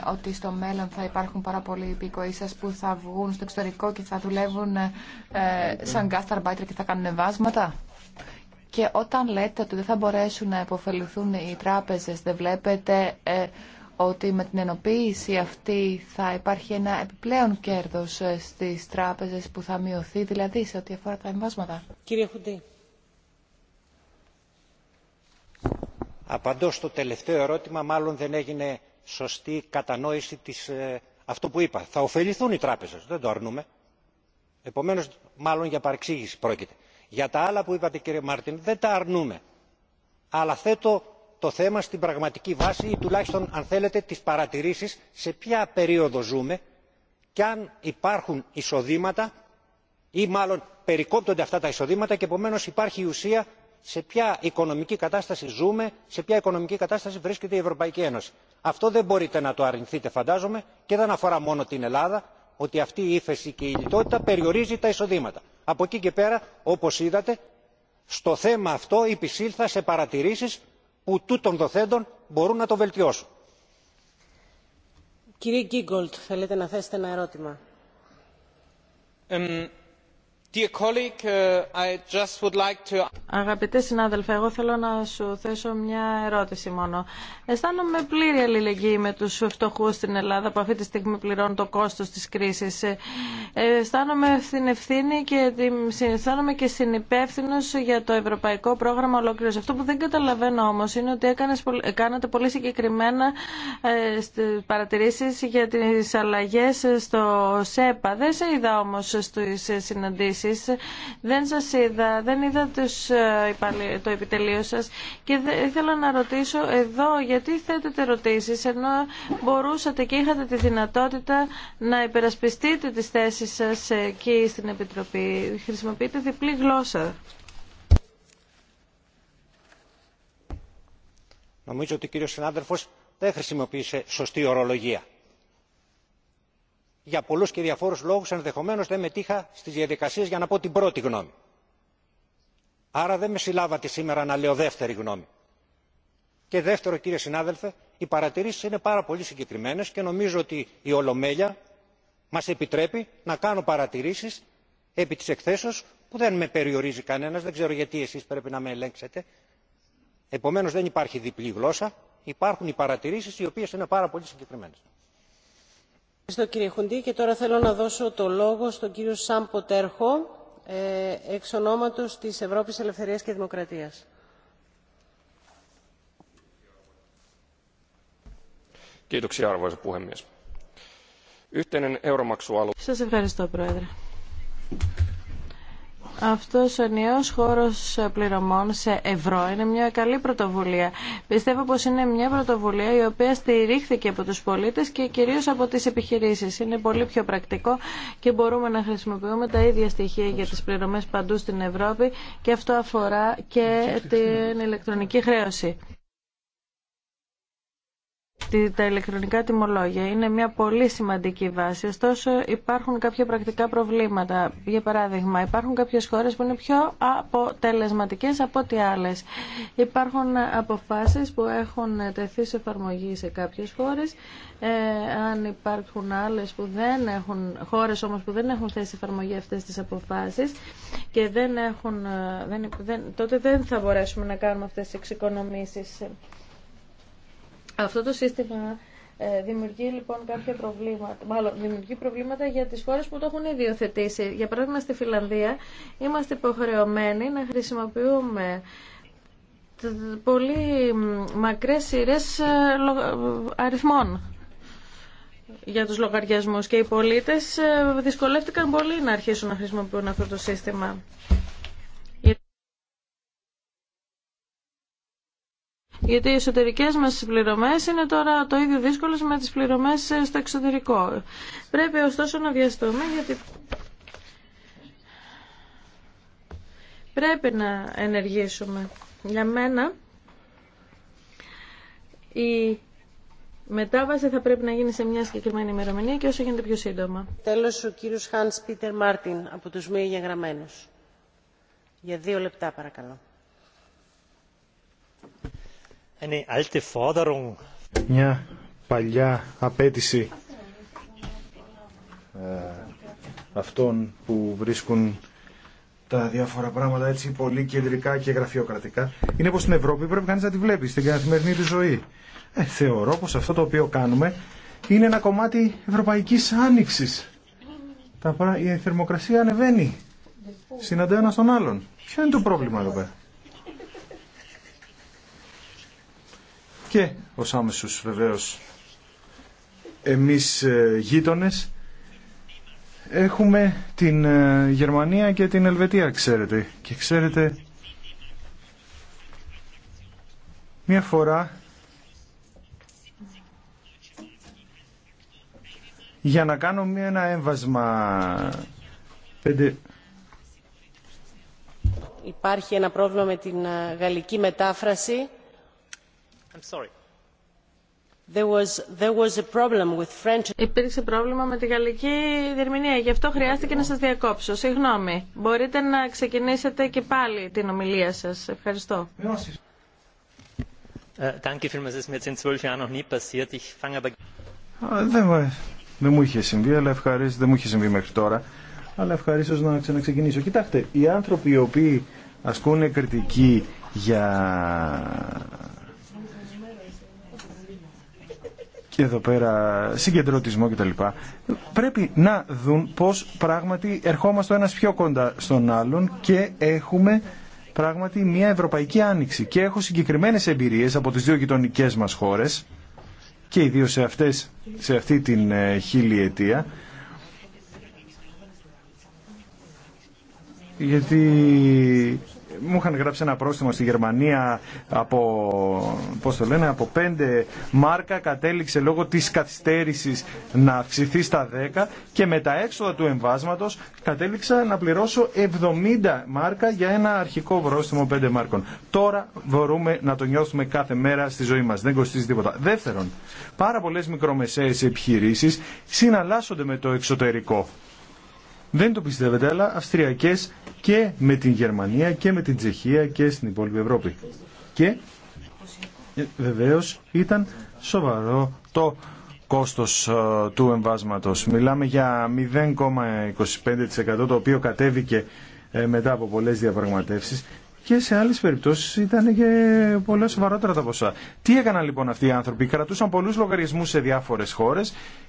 ότι στο μέλλον θα υπάρχουν πάρα πολλοί υπηκοοί σα που θα βγουν στο εξωτερικό και θα δουλεύουν ε, σαν γκάσταρμπάιτρ και θα κάνουν βάσματα. Και όταν λέτε ότι δεν θα μπορέσουν να υποφεληθούν οι τράπεζες, δεν βλέπετε ε, ότι με την ενοποίηση αυτή θα υπάρχει ένα επιπλέον κέρδος ε, στις τράπεζες που θα μειωθεί, δηλαδή σε ό,τι αφορά τα εμβάσματα. Κύριε Χουντή. Απαντώ στο τελευταίο ερώτημα, μάλλον δεν έγινε σωστή κατανόηση της, ε, αυτό που είπα. Θα ωφεληθούν οι τράπεζες, δεν το αρνούμε. Επομένως, μάλλον για παρεξήγηση πρόκειται. Για τα άλλα που είπατε κύριε Μάρτιν, δεν τα αρνούμε. Αλλά θέτω το θέμα στην πραγματική βάση ή τουλάχιστον αν θέλετε τις παρατηρήσεις σε ποια περίοδο ζούμε και αν υπάρχουν εισοδήματα ή μάλλον περικόπτονται αυτά τα εισοδήματα και επομένως υπάρχει η ουσία σε ποια οικονομική κατάσταση ζούμε σε ποια οικονομική κατάσταση βρίσκεται η ευρωπαϊκή ένωση. αυτό δεν μπορείτε να το αρνηθείτε φαντάζομαι και δεν αφορά μόνο την ελλάδα ότι αυτή η ύφεση και η λιτότητα περιορίζει τα εισοδήματα. από εκεί και πέρα όπως είδατε στο θέμα αυτό υπησήλθα σε παρατηρήσεις που τούτων δοθέντων μπορούν να το βελτιώσουν. Κύριε Γκίγκολτ, θέλετε να θέσετε ένα ερώτημα. Uh, Αγαπητέ συνάδελφε, εγώ θέλω να σου θέσω μια ερώτηση μόνο. Αισθάνομαι πλήρη αλληλεγγύη με τους φτωχούς στην Ελλάδα που αυτή τη στιγμή πληρώνουν το κόστος της κρίσης. Ε, αισθάνομαι την ευθύνη και αισθάνομαι και συνυπεύθυνος για το ευρωπαϊκό πρόγραμμα ολόκληρος. Αυτό που δεν καταλαβαίνω όμως είναι ότι έκανες, κάνατε πολύ συγκεκριμένα ε, παρατηρήσεις για τις αλλαγές στο ΣΕΠΑ. Δεν σε είδα όμως στις συναντήσεις δεν σας είδα, δεν είδα τους, ε, το επιτελείο σας και ήθελα να ρωτήσω εδώ γιατί θέτετε ερωτήσεις ενώ μπορούσατε και είχατε τη δυνατότητα να υπερασπιστείτε τις θέσεις σας εκεί στην Επιτροπή. Χρησιμοποιείτε διπλή γλώσσα. Νομίζω ότι ο κύριος συνάδελφος δεν χρησιμοποίησε σωστή ορολογία για πολλού και διαφόρου λόγου ενδεχομένω δεν μετήχα στι διαδικασίε για να πω την πρώτη γνώμη. Άρα δεν με συλλάβατε σήμερα να λέω δεύτερη γνώμη. Και δεύτερο, κύριε συνάδελφε, οι παρατηρήσει είναι πάρα πολύ συγκεκριμένε και νομίζω ότι η Ολομέλεια μα επιτρέπει να κάνω παρατηρήσει επί τη εκθέσεω που δεν με περιορίζει κανένα, δεν ξέρω γιατί εσεί πρέπει να με ελέγξετε. Επομένω δεν υπάρχει διπλή γλώσσα, υπάρχουν οι παρατηρήσει οι οποίε είναι πάρα πολύ συγκεκριμένε. Ευχαριστώ κύριε Χουντή και τώρα θέλω να δώσω το λόγο στον κύριο Σαμ Ποτέρχο ε, εξ ονόματος της Ευρώπης Ελευθερίας και Δημοκρατίας. Σα arvoisa puhemies. Yhteinen euromaksualue. ευχαριστώ πρόεδρε. Αυτός ο νέος χώρος πληρωμών σε ευρώ είναι μια καλή πρωτοβουλία. Πιστεύω πως είναι μια πρωτοβουλία η οποία στηρίχθηκε από τους πολίτες και κυρίως από τις επιχειρήσεις. Είναι πολύ πιο πρακτικό και μπορούμε να χρησιμοποιούμε τα ίδια στοιχεία για τις πληρωμές παντού στην Ευρώπη και αυτό αφορά και την ηλεκτρονική χρέωση τα ηλεκτρονικά τιμολόγια είναι μια πολύ σημαντική βάση. Ωστόσο, υπάρχουν κάποια πρακτικά προβλήματα. Για παράδειγμα, υπάρχουν κάποιες χώρες που είναι πιο αποτελεσματικές από ό,τι άλλες. Υπάρχουν αποφάσεις που έχουν τεθεί σε εφαρμογή σε κάποιες χώρες. Ε, αν υπάρχουν άλλες που δεν έχουν, χώρες όμως που δεν έχουν θέσει εφαρμογή αυτέ τι αποφάσει και δεν έχουν, ε, δεν, δεν, τότε δεν θα μπορέσουμε να κάνουμε αυτέ τι εξοικονομήσει. Αυτό το σύστημα ε, δημιουργεί λοιπόν κάποια προβλήματα, μάλλον δημιουργεί προβλήματα για τις χώρες που το έχουν ιδιοθετήσει. Για παράδειγμα στη Φιλανδία είμαστε υποχρεωμένοι να χρησιμοποιούμε πολύ μακρές σειρές ε, αριθμών για τους λογαριασμούς και οι πολίτες ε, δυσκολεύτηκαν πολύ να αρχίσουν να χρησιμοποιούν αυτό το σύστημα. Γιατί οι εσωτερικές μας πληρωμέ είναι τώρα το ίδιο δύσκολο με τις πληρωμέ ε, στο εξωτερικό. Πρέπει ωστόσο να βιαστούμε γιατί πρέπει να ενεργήσουμε. Για μένα η μετάβαση θα πρέπει να γίνει σε μια συγκεκριμένη ημερομηνία και όσο γίνεται πιο σύντομα. Τέλος ο κύριος Χάνς Πίτερ Μάρτιν από τους μη εγγεγραμμένους. Για δύο λεπτά παρακαλώ. Μια παλιά απέτηση ε, αυτών που βρίσκουν τα διάφορα πράγματα έτσι πολύ κεντρικά και γραφειοκρατικά είναι πως στην Ευρώπη πρέπει κανείς να τη βλέπει στην καθημερινή τη ζωή. Ε, θεωρώ πως αυτό το οποίο κάνουμε είναι ένα κομμάτι ευρωπαϊκής άνοιξης. Η θερμοκρασία ανεβαίνει. Συναντά ένα τον άλλον. Ποιο είναι το πρόβλημα εδώ πέρα. και ως άμεσους βεβαίως εμείς ε, γείτονες έχουμε την ε, Γερμανία και την Ελβετία ξέρετε και ξέρετε μια φορά για να κάνω μια, ένα έμβασμα πέντε Υπάρχει ένα πρόβλημα με την ε, γαλλική μετάφραση Υπήρξε πρόβλημα με τη γαλλική διερμηνία, γι' αυτό χρειάστηκε να σας διακόψω. Συγγνώμη. Μπορείτε να ξεκινήσετε και πάλι την ομιλία σας. Ευχαριστώ. Δεν, μου είχε συμβεί, αλλά ευχαριστώ, δεν μου είχε συμβεί μέχρι τώρα. Αλλά ευχαρίστω να ξαναξεκινήσω. Κοιτάξτε, οι άνθρωποι οι οποίοι ασκούν κριτική για εδώ πέρα συγκεντρωτισμό κτλ. Πρέπει να δουν πώς πράγματι ερχόμαστε ένας πιο κοντά στον άλλον και έχουμε πράγματι μια ευρωπαϊκή άνοιξη. Και έχω συγκεκριμένες εμπειρίες από τις δύο γειτονικέ μας χώρες και ιδίω σε, αυτές, σε αυτή την ε, χιλιετία γιατί μου είχαν γράψει ένα πρόστιμο στη Γερμανία από, πώς το λένε, από 5 μάρκα κατέληξε λόγω της καθυστέρησης να αυξηθεί στα 10 και με τα έξοδα του εμβάσματος κατέληξα να πληρώσω 70 μάρκα για ένα αρχικό πρόστιμο 5 μάρκων. Τώρα μπορούμε να το νιώθουμε κάθε μέρα στη ζωή μας. Δεν κοστίζει τίποτα. Δεύτερον, πάρα πολλές μικρομεσαίες επιχειρήσεις συναλλάσσονται με το εξωτερικό δεν το πιστεύετε, αλλά αυστριακές και με την Γερμανία και με την Τσεχία και στην υπόλοιπη Ευρώπη. Και ε, βεβαίως ήταν σοβαρό το κόστος ε, του εμβάσματος. Μιλάμε για 0,25% το οποίο κατέβηκε ε, μετά από πολλές διαπραγματεύσεις και σε άλλε περιπτώσει ήταν και πολλά σοβαρότερα τα ποσά. Τι έκαναν λοιπόν αυτοί οι άνθρωποι, κρατούσαν πολλού λογαριασμού σε διάφορε χώρε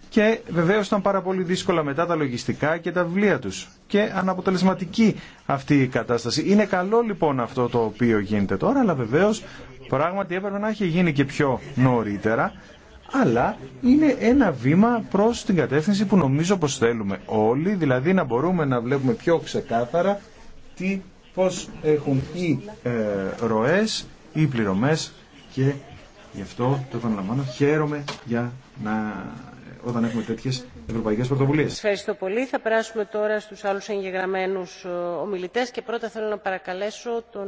και βεβαίω ήταν πάρα πολύ δύσκολα μετά τα λογιστικά και τα βιβλία του Και αναποτελεσματική αυτή η κατάσταση. Είναι καλό λοιπόν αυτό το οποίο γίνεται τώρα, αλλά βεβαίω, πράγματι έπρεπε να έχει γίνει και πιο νωρίτερα αλλά είναι ένα βήμα προς την κατεύθυνση που νομίζω πως θέλουμε όλοι, δηλαδή να μπορούμε να βλέπουμε πιο ξεκάθαρα τι πώς έχουν οι ε, ροές, οι πληρωμές και γι' αυτό το επαναλαμβάνω χαίρομαι για να όταν έχουμε τέτοιες ευρωπαϊκές πρωτοβουλίες. Ευχαριστώ πολύ. Θα περάσουμε τώρα στους άλλους εγγεγραμμένους ε, ομιλητές και πρώτα θέλω να παρακαλέσω τον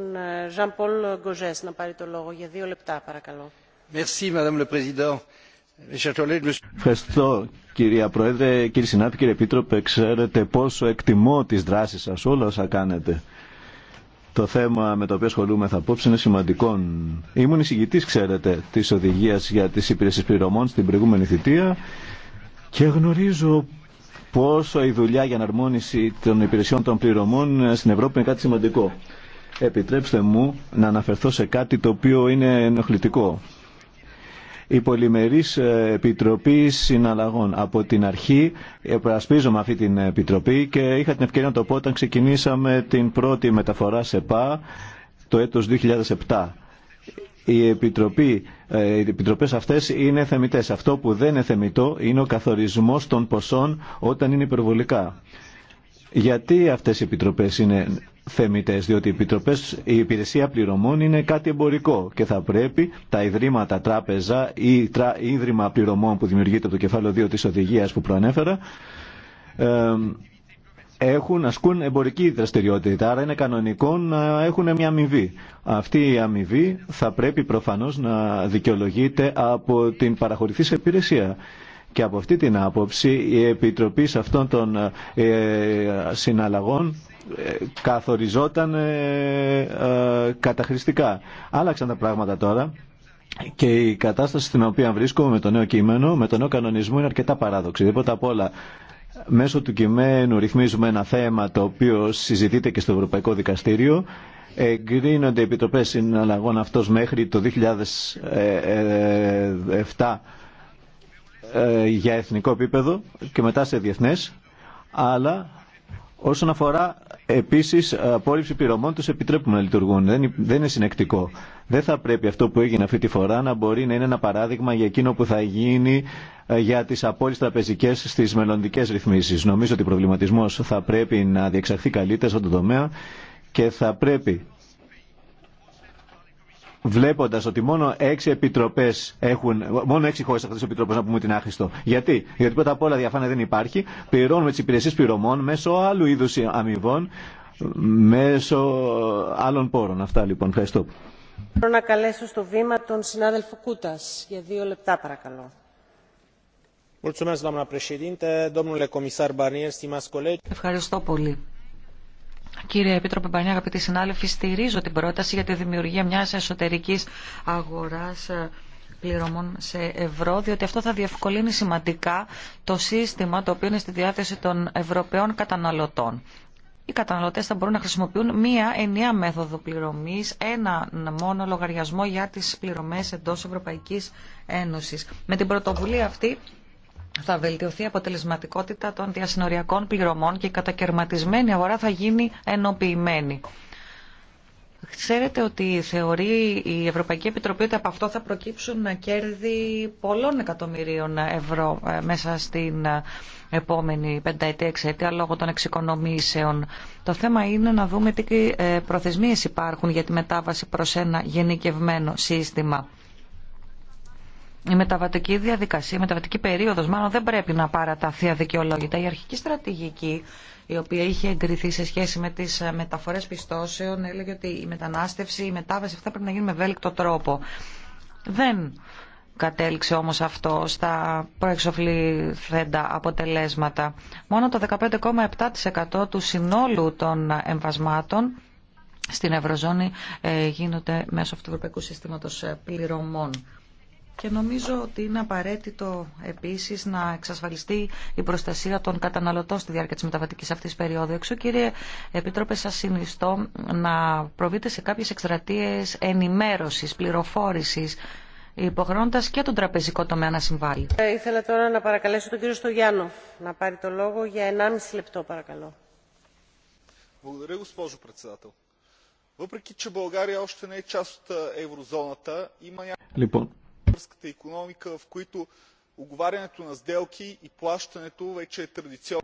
Ζαν Πολ Γκοζές να πάρει το λόγο για δύο λεπτά παρακαλώ. Merci, Madame le Président. Ευχαριστώ κυρία Πρόεδρε, κύριε Συνάπη, κύριε Επίτροπε. Ξέρετε πόσο εκτιμώ τις δράσεις σας, όλα όσα κάνετε. Το θέμα με το οποίο θα απόψε είναι σημαντικό. Ήμουν εισηγητή, ξέρετε, τη οδηγία για τι υπηρεσίε πληρωμών στην προηγούμενη θητεία και γνωρίζω πόσο η δουλειά για αναρμόνιση των υπηρεσιών των πληρωμών στην Ευρώπη είναι κάτι σημαντικό. Επιτρέψτε μου να αναφερθώ σε κάτι το οποίο είναι ενοχλητικό η Πολυμερής ε, Επιτροπή Συναλλαγών. Από την αρχή επρασπίζομαι αυτή την ε, επιτροπή και είχα την ευκαιρία να το πω όταν ξεκινήσαμε την πρώτη μεταφορά σε ΠΑ το έτος 2007. επιτροπή, ε, οι επιτροπές αυτές είναι θεμητές. Αυτό που δεν είναι θεμητό είναι ο καθορισμός των ποσών όταν είναι υπερβολικά. Γιατί αυτές οι επιτροπές είναι διότι η υπηρεσία πληρωμών είναι κάτι εμπορικό και θα πρέπει τα ιδρύματα τράπεζα ή τρα, ίδρυμα πληρωμών που δημιουργείται από το κεφάλαιο 2 τη οδηγία που προανέφερα ε, έχουν, ασκούν εμπορική δραστηριότητα, άρα είναι κανονικό να έχουν μια αμοιβή. Αυτή η αμοιβή θα πρέπει προφανώς να δικαιολογείται από την παραχωρηθή υπηρεσία. Και από αυτή την άποψη η Επιτροπή σε αυτών των ε, συναλλαγών καθοριζόταν ε, ε, καταχρηστικά. Άλλαξαν τα πράγματα τώρα και η κατάσταση στην οποία βρίσκομαι με το νέο κείμενο, με το νέο κανονισμό είναι αρκετά παράδοξη. Πρώτα απ' όλα μέσω του κειμένου ρυθμίζουμε ένα θέμα το οποίο συζητείται και στο Ευρωπαϊκό Δικαστήριο. Εγκρίνονται οι επιτροπές συναλλαγών αυτός μέχρι το 2007 ε, για εθνικό επίπεδο και μετά σε διεθνές. Αλλά Όσον αφορά επίση απόρριψη πληρωμών, του επιτρέπουμε να λειτουργούν. Δεν είναι συνεκτικό. Δεν θα πρέπει αυτό που έγινε αυτή τη φορά να μπορεί να είναι ένα παράδειγμα για εκείνο που θα γίνει ε, για τι απόλυτε τραπεζικέ στι μελλοντικέ ρυθμίσει. Νομίζω ότι ο προβληματισμό θα πρέπει να διεξαχθεί καλύτερα στον τομέα και θα πρέπει βλέποντα ότι μόνο έξι επιτροπέ έχουν, μόνο έξι χώρε αυτέ τι επιτροπέ να πούμε την άχρηστο. Γιατί, Γιατί πρώτα απ' όλα διαφάνεια δεν υπάρχει, πληρώνουμε τι υπηρεσίε πληρωμών μέσω άλλου είδου αμοιβών, μέσω άλλων πόρων. Αυτά λοιπόν. Ευχαριστώ. Θέλω να καλέσω στο βήμα τον συνάδελφο Κούτα για δύο λεπτά, παρακαλώ. Ευχαριστώ πολύ. Κύριε Επίτροπε Μπαρνιά, αγαπητοί συνάδελφοι, στηρίζω την πρόταση για τη δημιουργία μιας εσωτερικής αγοράς ε, πληρωμών σε ευρώ, διότι αυτό θα διευκολύνει σημαντικά το σύστημα το οποίο είναι στη διάθεση των Ευρωπαίων καταναλωτών. Οι καταναλωτές θα μπορούν να χρησιμοποιούν μία ενιαία μέθοδο πληρωμής, ένα μόνο λογαριασμό για τις πληρωμές εντός Ευρωπαϊκής Ένωσης. Με την πρωτοβουλία αυτή θα βελτιωθεί η αποτελεσματικότητα των διασυνοριακών πληρωμών και η κατακαιρματισμένη αγορά θα γίνει ενοποιημένη. Ξέρετε ότι θεωρεί η Ευρωπαϊκή Επιτροπή ότι από αυτό θα προκύψουν κέρδη πολλών εκατομμυρίων ευρώ ε, μέσα στην ε, επόμενη πενταετία εξαιτία λόγω των εξοικονομήσεων. Το θέμα είναι να δούμε τι ε, προθεσμίες υπάρχουν για τη μετάβαση προς ένα γενικευμένο σύστημα η μεταβατική διαδικασία, η μεταβατική περίοδος μάλλον δεν πρέπει να παραταθεί αδικαιολόγητα. Η αρχική στρατηγική η οποία είχε εγκριθεί σε σχέση με τις ε, μεταφορές πιστώσεων έλεγε ότι η μετανάστευση, η μετάβαση αυτά πρέπει να γίνει με βέλικτο τρόπο. Δεν κατέληξε όμως αυτό στα προεξοφληθέντα αποτελέσματα. Μόνο το 15,7% του συνόλου των εμβασμάτων στην Ευρωζώνη ε, γίνονται μέσω αυτού του Ευρωπαϊκού Συστήματος ε, Πληρωμών. Και νομίζω ότι είναι απαραίτητο επίση να εξασφαλιστεί η προστασία των καταναλωτών στη διάρκεια τη μεταβατική αυτή περίοδου. Εξού, κύριε Επίτροπε, σα συνιστώ να προβείτε σε κάποιε εκστρατείε ενημέρωση, πληροφόρηση, υποχρεώντα και τον τραπεζικό τομέα να συμβάλλει. Ε, ήθελα τώρα να παρακαλέσω τον κύριο Στογιάννο να πάρει το λόγο για 1,5 λεπτό, παρακαλώ. Λοιπόν,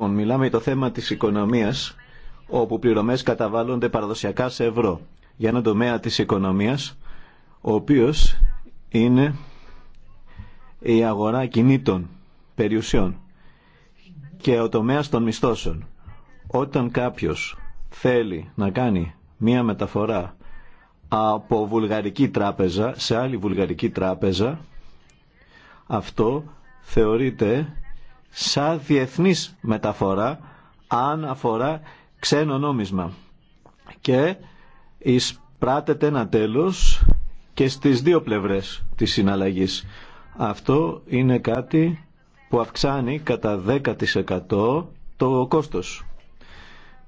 Μιλάμε για το θέμα της οικονομίας, όπου πληρωμές καταβάλλονται παραδοσιακά σε ευρώ, για ένα τομέα της οικονομίας, ο οποίος είναι η αγορά κινήτων, περιουσιών και ο τομέας των μισθώσεων. Όταν κάποιος θέλει να κάνει μία μεταφορά από βουλγαρική τράπεζα σε άλλη βουλγαρική τράπεζα αυτό θεωρείται σαν διεθνής μεταφορά αν αφορά ξένο νόμισμα και εισπράτεται ένα τέλος και στις δύο πλευρές της συναλλαγής. Αυτό είναι κάτι που αυξάνει κατά 10% το κόστος.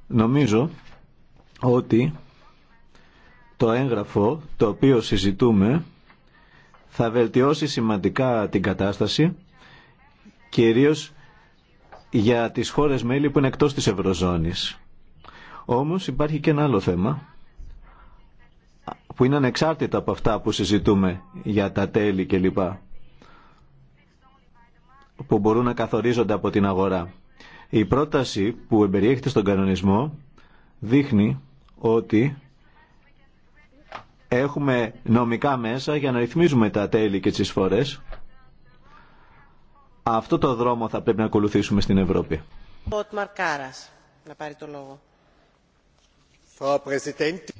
Νομίζω ότι το έγγραφο το οποίο συζητούμε θα βελτιώσει σημαντικά την κατάσταση, κυρίως για τις χώρες μέλη που είναι εκτός της Ευρωζώνης. Όμως υπάρχει και ένα άλλο θέμα, που είναι ανεξάρτητα από αυτά που συζητούμε για τα τέλη κλπ. που μπορούν να καθορίζονται από την αγορά. Η πρόταση που εμπεριέχεται στον κανονισμό δείχνει ότι Έχουμε νομικά μέσα για να ρυθμίζουμε τα τέλη και τις φορές. Αυτό το δρόμο θα πρέπει να ακολουθήσουμε στην Ευρώπη. Να πάρει το λόγο.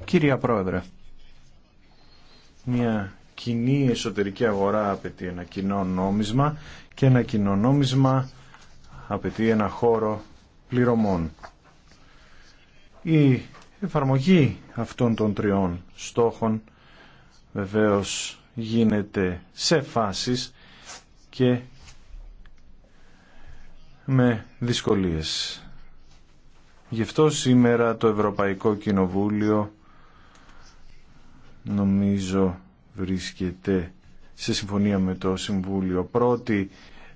Κύριε Πρόεδρε, μια κοινή εσωτερική αγορά απαιτεί ένα κοινό νόμισμα και ένα κοινό νόμισμα απαιτεί ένα χώρο πληρωμών. Η εφαρμογή αυτών των τριών στόχων βεβαίως γίνεται σε φάσεις και με δυσκολίες. Γι' αυτό σήμερα το Ευρωπαϊκό Κοινοβούλιο νομίζω βρίσκεται σε συμφωνία με το Συμβούλιο. Πρώτη,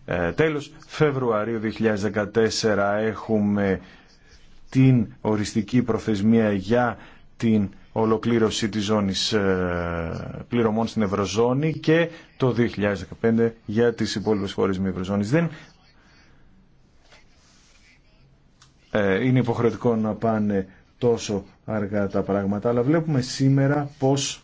ε, τέλος Φεβρουαρίου 2014 έχουμε την οριστική προθεσμία για την ολοκλήρωση της ζώνης ε, πληρωμών στην Ευρωζώνη και το 2015 για τις υπόλοιπες χώρες μη Ευρωζώνης. Δεν ε, είναι υποχρεωτικό να πάνε τόσο αργά τα πράγματα, αλλά βλέπουμε σήμερα πως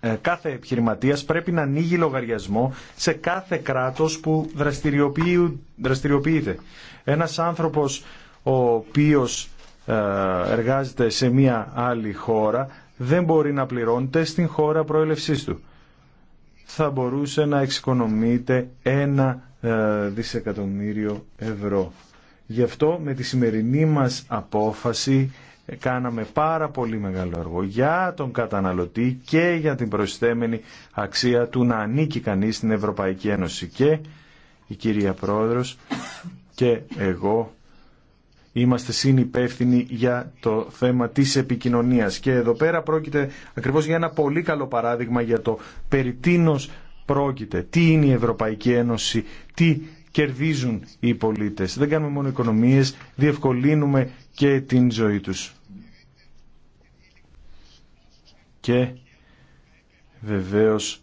ε, κάθε επιχειρηματίας πρέπει να ανοίγει λογαριασμό σε κάθε κράτος που δραστηριοποιείται. Ένας άνθρωπος ο οποίος ε, εργάζεται σε μία άλλη χώρα δεν μπορεί να πληρώνεται στην χώρα προέλευσής του. Θα μπορούσε να εξοικονομείται ένα ε, δισεκατομμύριο ευρώ. Γι' αυτό με τη σημερινή μας απόφαση ε, κάναμε πάρα πολύ μεγάλο έργο για τον καταναλωτή και για την προστέμενη αξία του να ανήκει κανείς στην Ευρωπαϊκή Ένωση. Και η κυρία Πρόεδρος και εγώ είμαστε συνυπεύθυνοι για το θέμα της επικοινωνίας. Και εδώ πέρα πρόκειται ακριβώς για ένα πολύ καλό παράδειγμα για το περί τίνος πρόκειται, τι είναι η Ευρωπαϊκή Ένωση, τι κερδίζουν οι πολίτες. Δεν κάνουμε μόνο οικονομίες, διευκολύνουμε και την ζωή τους. Και βεβαίως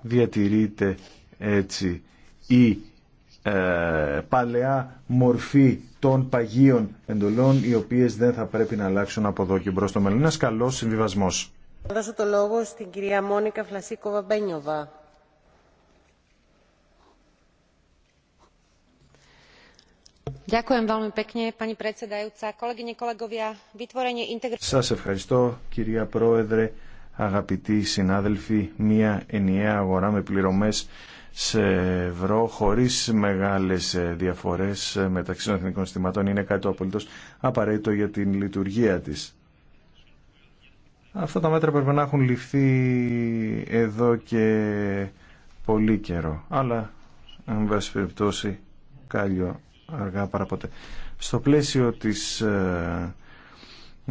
διατηρείται έτσι η ε, παλαιά μορφή των παγίων εντολών, οι οποίες δεν θα πρέπει να αλλάξουν από εδώ και μπρος στο μέλλον. Ένας καλός συμβιβασμός. Θα δώσω το λόγο στην κυρία Μόνικα Φλασίκοβα Μπένιοβα. Σας ευχαριστώ κυρία Πρόεδρε αγαπητοί συνάδελφοι, μια ενιαία αγορά με πληρωμές σε ευρώ χωρίς μεγάλες διαφορές μεταξύ των εθνικών συστημάτων είναι κάτι το απολύτως απαραίτητο για την λειτουργία της. Αυτά τα μέτρα πρέπει να έχουν ληφθεί εδώ και πολύ καιρό. Αλλά, αν βάση περιπτώσει, κάλιο αργά παραποτέ. Στο πλαίσιο της ε,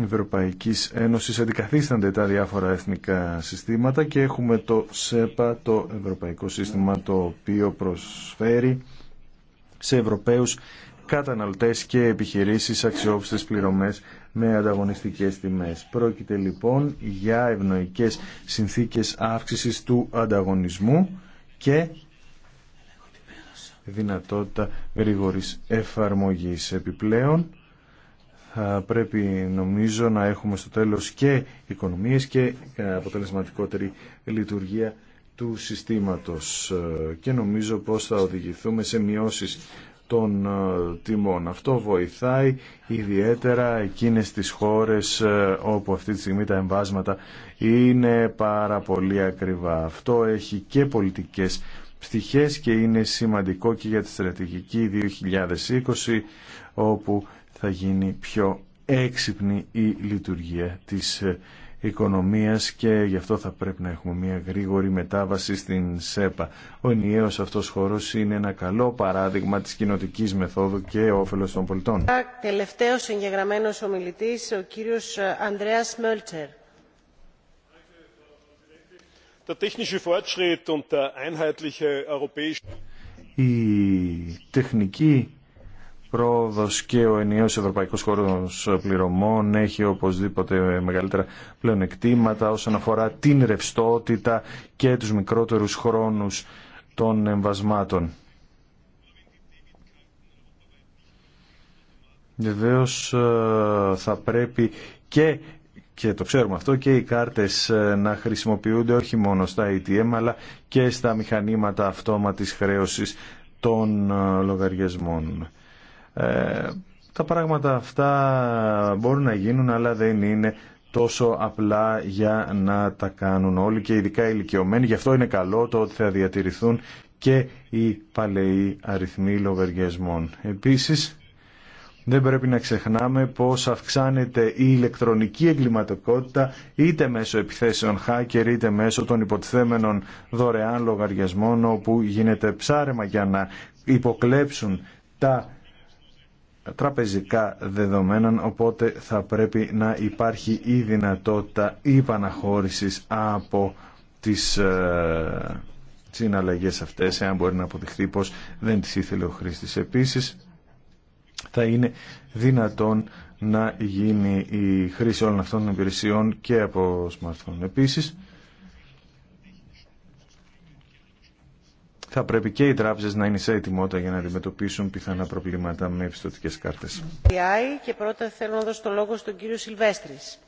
Ευρωπαϊκής Ένωσης αντικαθίστανται τα διάφορα εθνικά συστήματα και έχουμε το ΣΕΠΑ, το Ευρωπαϊκό Σύστημα, το οποίο προσφέρει σε Ευρωπαίους καταναλωτές και επιχειρήσεις αξιόπιστες πληρωμές με ανταγωνιστικές τιμές. Πρόκειται λοιπόν για ευνοϊκές συνθήκες αύξησης του ανταγωνισμού και δυνατότητα γρηγορη εφαρμογής επιπλέον πρέπει νομίζω να έχουμε στο τέλος και οικονομίες και ε, αποτελεσματικότερη λειτουργία του συστήματος ε, και νομίζω πως θα οδηγηθούμε σε μειώσεις των ε, τιμών. Αυτό βοηθάει ιδιαίτερα εκείνες τις χώρες όπου αυτή τη στιγμή τα εμβάσματα είναι πάρα πολύ ακριβά. Αυτό έχει και πολιτικές πτυχές και είναι σημαντικό και για τη στρατηγική 2020 όπου θα γίνει πιο έξυπνη η λειτουργία της ε, οικονομίας και γι' αυτό θα πρέπει να έχουμε μια γρήγορη μετάβαση στην ΣΕΠΑ. Ο ενιαίος αυτός χώρος είναι ένα καλό παράδειγμα της κοινοτική μεθόδου και όφελος των πολιτών. Τελευταίος εγγεγραμμένος ομιλητής, ο κύριος Ανδρέας Μέλτσερ. Η τεχνική πρόοδο και ο ενιαίο Ευρωπαϊκό Χώρο πληρωμών έχει οπωσδήποτε μεγαλύτερα πλεονεκτήματα όσον αφορά την ρευστότητα και τους μικρότερους χρόνους των εμβασμάτων. Βεβαίω ε, θα πρέπει και και το ξέρουμε αυτό και οι κάρτες ε, να χρησιμοποιούνται όχι μόνο στα ATM αλλά και στα μηχανήματα αυτόματης χρέωσης των ε, λογαριασμών. Ε, τα πράγματα αυτά μπορούν να γίνουν αλλά δεν είναι τόσο απλά για να τα κάνουν όλοι και ειδικά οι ηλικιωμένοι. Γι' αυτό είναι καλό το ότι θα διατηρηθούν και οι παλαιοί αριθμοί λογαριασμών. Επίσης, δεν πρέπει να ξεχνάμε πως αυξάνεται η ηλεκτρονική εγκληματικότητα είτε μέσω επιθέσεων hacker είτε μέσω των υποτιθέμενων δωρεάν λογαριασμών όπου γίνεται ψάρεμα για να υποκλέψουν τα τραπεζικά δεδομένα, οπότε θα πρέπει να υπάρχει η δυνατότητα υπαναχώρησης από τις ε, συναλλαγές αυτές, εάν μπορεί να αποδειχθεί πως δεν τις ήθελε ο χρήστης. Επίσης, θα είναι δυνατόν να γίνει η χρήση όλων αυτών των υπηρεσιών και από smartphone. Επίσης, θα πρέπει και οι τράπεζε να είναι σε ετοιμότητα για να αντιμετωπίσουν πιθανά προβλήματα με επιστοτικές κάρτες. Και πρώτα θέλω να δώσω το λόγο στον κύριο Σιλβέστρης.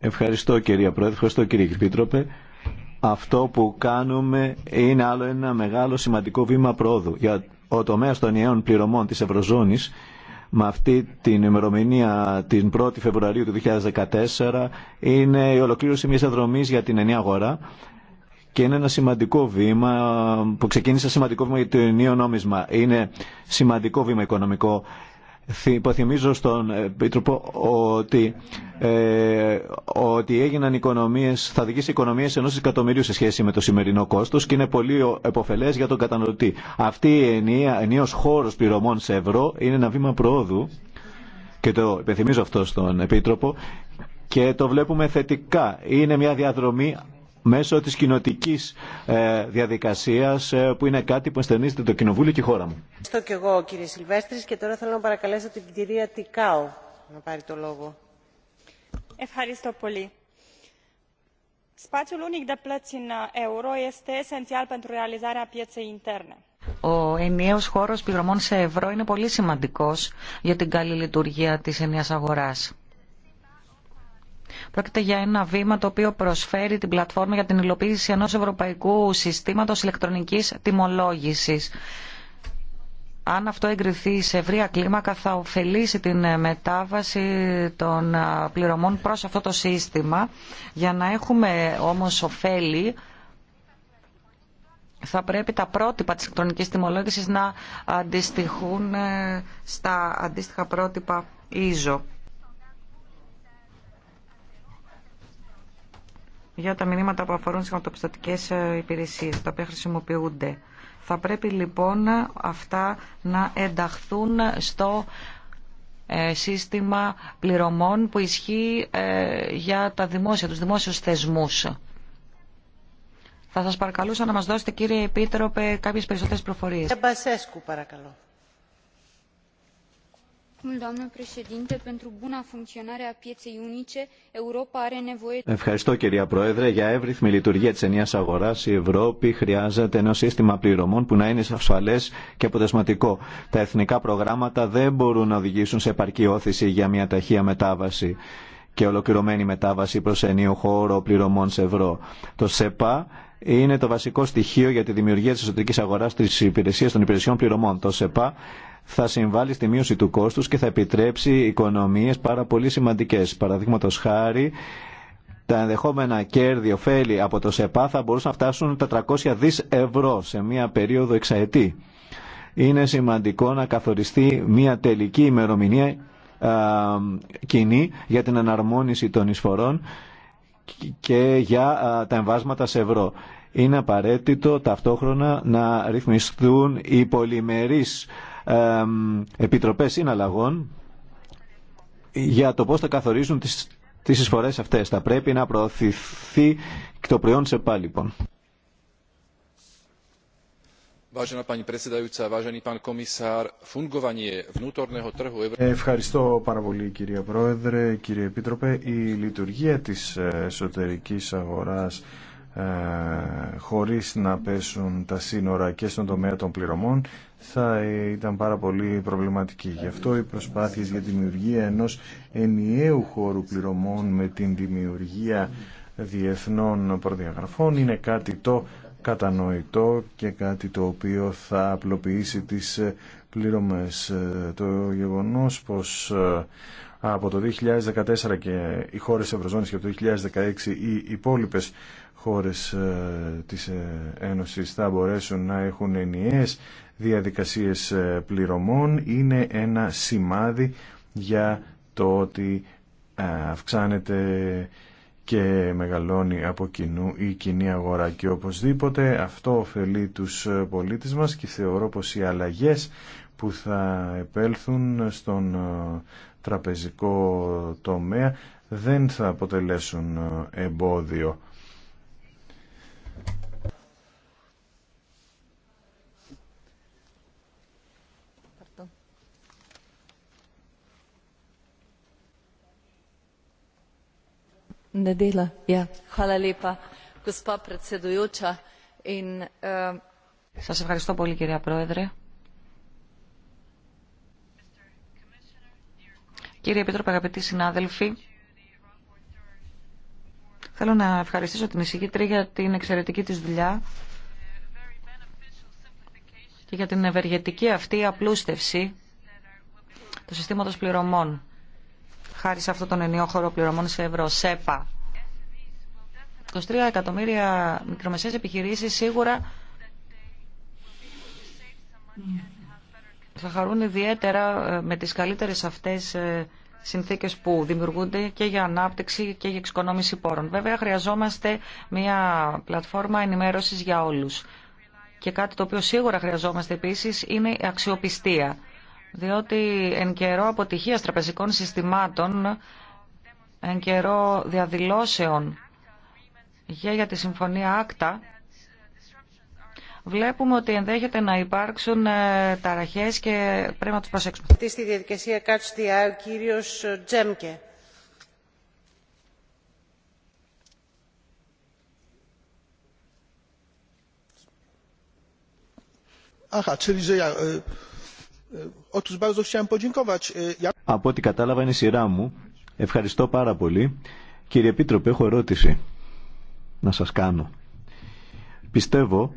Ευχαριστώ κυρία Πρόεδρε, ευχαριστώ κύριε Επίτροπε. Αυτό που κάνουμε είναι άλλο ένα μεγάλο σημαντικό βήμα πρόοδου για ο τομέα των ιεών πληρωμών τη Ευρωζώνη με αυτή την ημερομηνία την 1η Φεβρουαρίου του 2014 είναι η ολοκλήρωση μιας αδρομής για την ενιαία αγορά και είναι ένα σημαντικό βήμα που ξεκίνησε σημαντικό βήμα για το ενίο νόμισμα. Είναι σημαντικό βήμα οικονομικό Υποθυμίζω στον Επίτροπο ότι, ε, ότι έγιναν οικονομίες, θα δικήσει οικονομίες ενός εκατομμυρίου σε σχέση με το σημερινό κόστος και είναι πολύ επωφελές για τον κατανοητή. Αυτή η ενία, ενίος χώρος πληρωμών σε ευρώ είναι ένα βήμα προόδου και το υπενθυμίζω αυτό στον Επίτροπο και το βλέπουμε θετικά. Είναι μια διαδρομή μέσω της κοινοτική ε, διαδικασίας ε, που είναι κάτι που ασθενίζεται το Κοινοβούλιο και η χώρα μου. Ευχαριστώ και εγώ κύριε Σιλβέστρης και τώρα θέλω να παρακαλέσω την κυρία Τικάου να πάρει το λόγο. Ευχαριστώ πολύ. Spațiul unic de uh, Ο ενιαίος χώρος πληρωμών σε ευρώ είναι πολύ σημαντικός για την καλή λειτουργία της ενιαίας αγοράς Πρόκειται για ένα βήμα το οποίο προσφέρει την πλατφόρμα για την υλοποίηση ενός ευρωπαϊκού συστήματος ηλεκτρονικής τιμολόγησης. Αν αυτό εγκριθεί σε ευρία κλίμακα θα ωφελήσει την μετάβαση των πληρωμών προς αυτό το σύστημα. Για να έχουμε όμως ωφέλη θα πρέπει τα πρότυπα της ηλεκτρονικής τιμολόγησης να αντιστοιχούν ε, στα αντίστοιχα πρότυπα ISO. για τα μηνύματα που αφορούν τις ε, υπηρεσίες, τα οποία χρησιμοποιούνται. Θα πρέπει λοιπόν αυτά να ενταχθούν στο ε, σύστημα πληρωμών που ισχύει ε, για τα δημόσια, τους δημόσιους θεσμούς. Θα σας παρακαλούσα να μας δώσετε κύριε Επίτροπε κάποιες περισσότερες προφορίες. Μπασέσκου παρακαλώ. Ευχαριστώ κυρία Πρόεδρε. Για εύρυθμη λειτουργία τη ενιά αγοράς η Ευρώπη χρειάζεται ένα σύστημα πληρωμών που να είναι ασφαλέ και αποτελεσματικό. Τα εθνικά προγράμματα δεν μπορούν να οδηγήσουν σε επαρκή όθηση για μια ταχεία μετάβαση και ολοκληρωμένη μετάβαση προς ενίο χώρο πληρωμών σε ευρώ. Το ΣΕΠΑ είναι το βασικό στοιχείο για τη δημιουργία της εσωτερικής αγοράς της υπηρεσίας των υπηρεσιών πληρωμών. Το ΣΕΠΑ θα συμβάλλει στη μείωση του κόστους και θα επιτρέψει οικονομίες πάρα πολύ σημαντικές. Παραδείγματο χάρη, τα ενδεχόμενα κέρδη ωφέλη από το ΣΕΠΑ θα μπορούσαν να φτάσουν 400 δις ευρώ σε μία περίοδο εξαετή. Είναι σημαντικό να καθοριστεί μία τελική ημερομηνία κοινή για την αναρμόνιση των εισφορών και για τα εμβάσματα σε ευρώ είναι απαραίτητο ταυτόχρονα να ρυθμιστούν οι πολυμερείς επιτροπές συναλλαγών για το πώς θα καθορίζουν τις, τις εισφορές αυτές. Θα πρέπει να προωθηθεί το προϊόν σε πάλι, λοιπόν. Ευχαριστώ πάρα πολύ κύριε Πρόεδρε, κύριε Επίτροπε. Η λειτουργία της εσωτερικής αγοράς ε, χωρίς να πέσουν τα σύνορα και στον τομέα των πληρωμών θα ήταν πάρα πολύ προβληματική. Γι' αυτό οι προσπάθειες για τη δημιουργία ενός ενιαίου χώρου πληρωμών με την δημιουργία διεθνών προδιαγραφών είναι κάτι το κατανοητό και κάτι το οποίο θα απλοποιήσει τις πληρωμές. Ε, το γεγονός πως ε, από το 2014 και οι χώρες Ευρωζώνης και από το 2016 οι υπόλοιπες χώρες ε, της ε, Ένωσης θα μπορέσουν να έχουν ενιαίες διαδικασίες ε, πληρωμών είναι ένα σημάδι για το ότι αυξάνεται και μεγαλώνει από κοινού η κοινή αγορά και οπωσδήποτε αυτό ωφελεί τους πολίτες μας και θεωρώ πως οι αλλαγές που θα επέλθουν στον τραπεζικό τομέα δεν θα αποτελέσουν εμπόδιο Eh, Σας ευχαριστώ πολύ κυρία Πρόεδρε. Κύριε Επίτροπε, αγαπητοί συνάδελφοι, θέλω να ευχαριστήσω την εισηγήτρια για την εξαιρετική της δουλειά και για την ευεργετική αυτή απλούστευση του συστήματος πληρωμών χάρη σε αυτόν τον ενιαίο χώρο πληρωμών σε ευρώ, ΣΕΠΑ. 23 εκατομμύρια μικρομεσαίες επιχειρήσεις σίγουρα θα χαρούν ιδιαίτερα ε, με τις καλύτερες αυτές ε, συνθήκες που δημιουργούνται και για ανάπτυξη και για εξοικονόμηση πόρων. Βέβαια χρειαζόμαστε μια πλατφόρμα ενημέρωσης για όλους. Και κάτι το οποίο σίγουρα χρειαζόμαστε επίσης είναι η αξιοπιστία διότι εν καιρό αποτυχίας τραπεζικών συστημάτων, εν καιρό διαδηλώσεων για, για τη Συμφωνία Άκτα, βλέπουμε ότι ενδέχεται να υπάρξουν ε, ταραχές και πρέπει να τους προσέξουμε. Στη διαδικασία Catch ο κύριος Τζέμκε. Αχα, ε, e, Από ό,τι κατάλαβα είναι η σειρά μου. Ευχαριστώ πάρα πολύ. Κύριε Επίτροπε, έχω ερώτηση να σας κάνω. Πιστεύω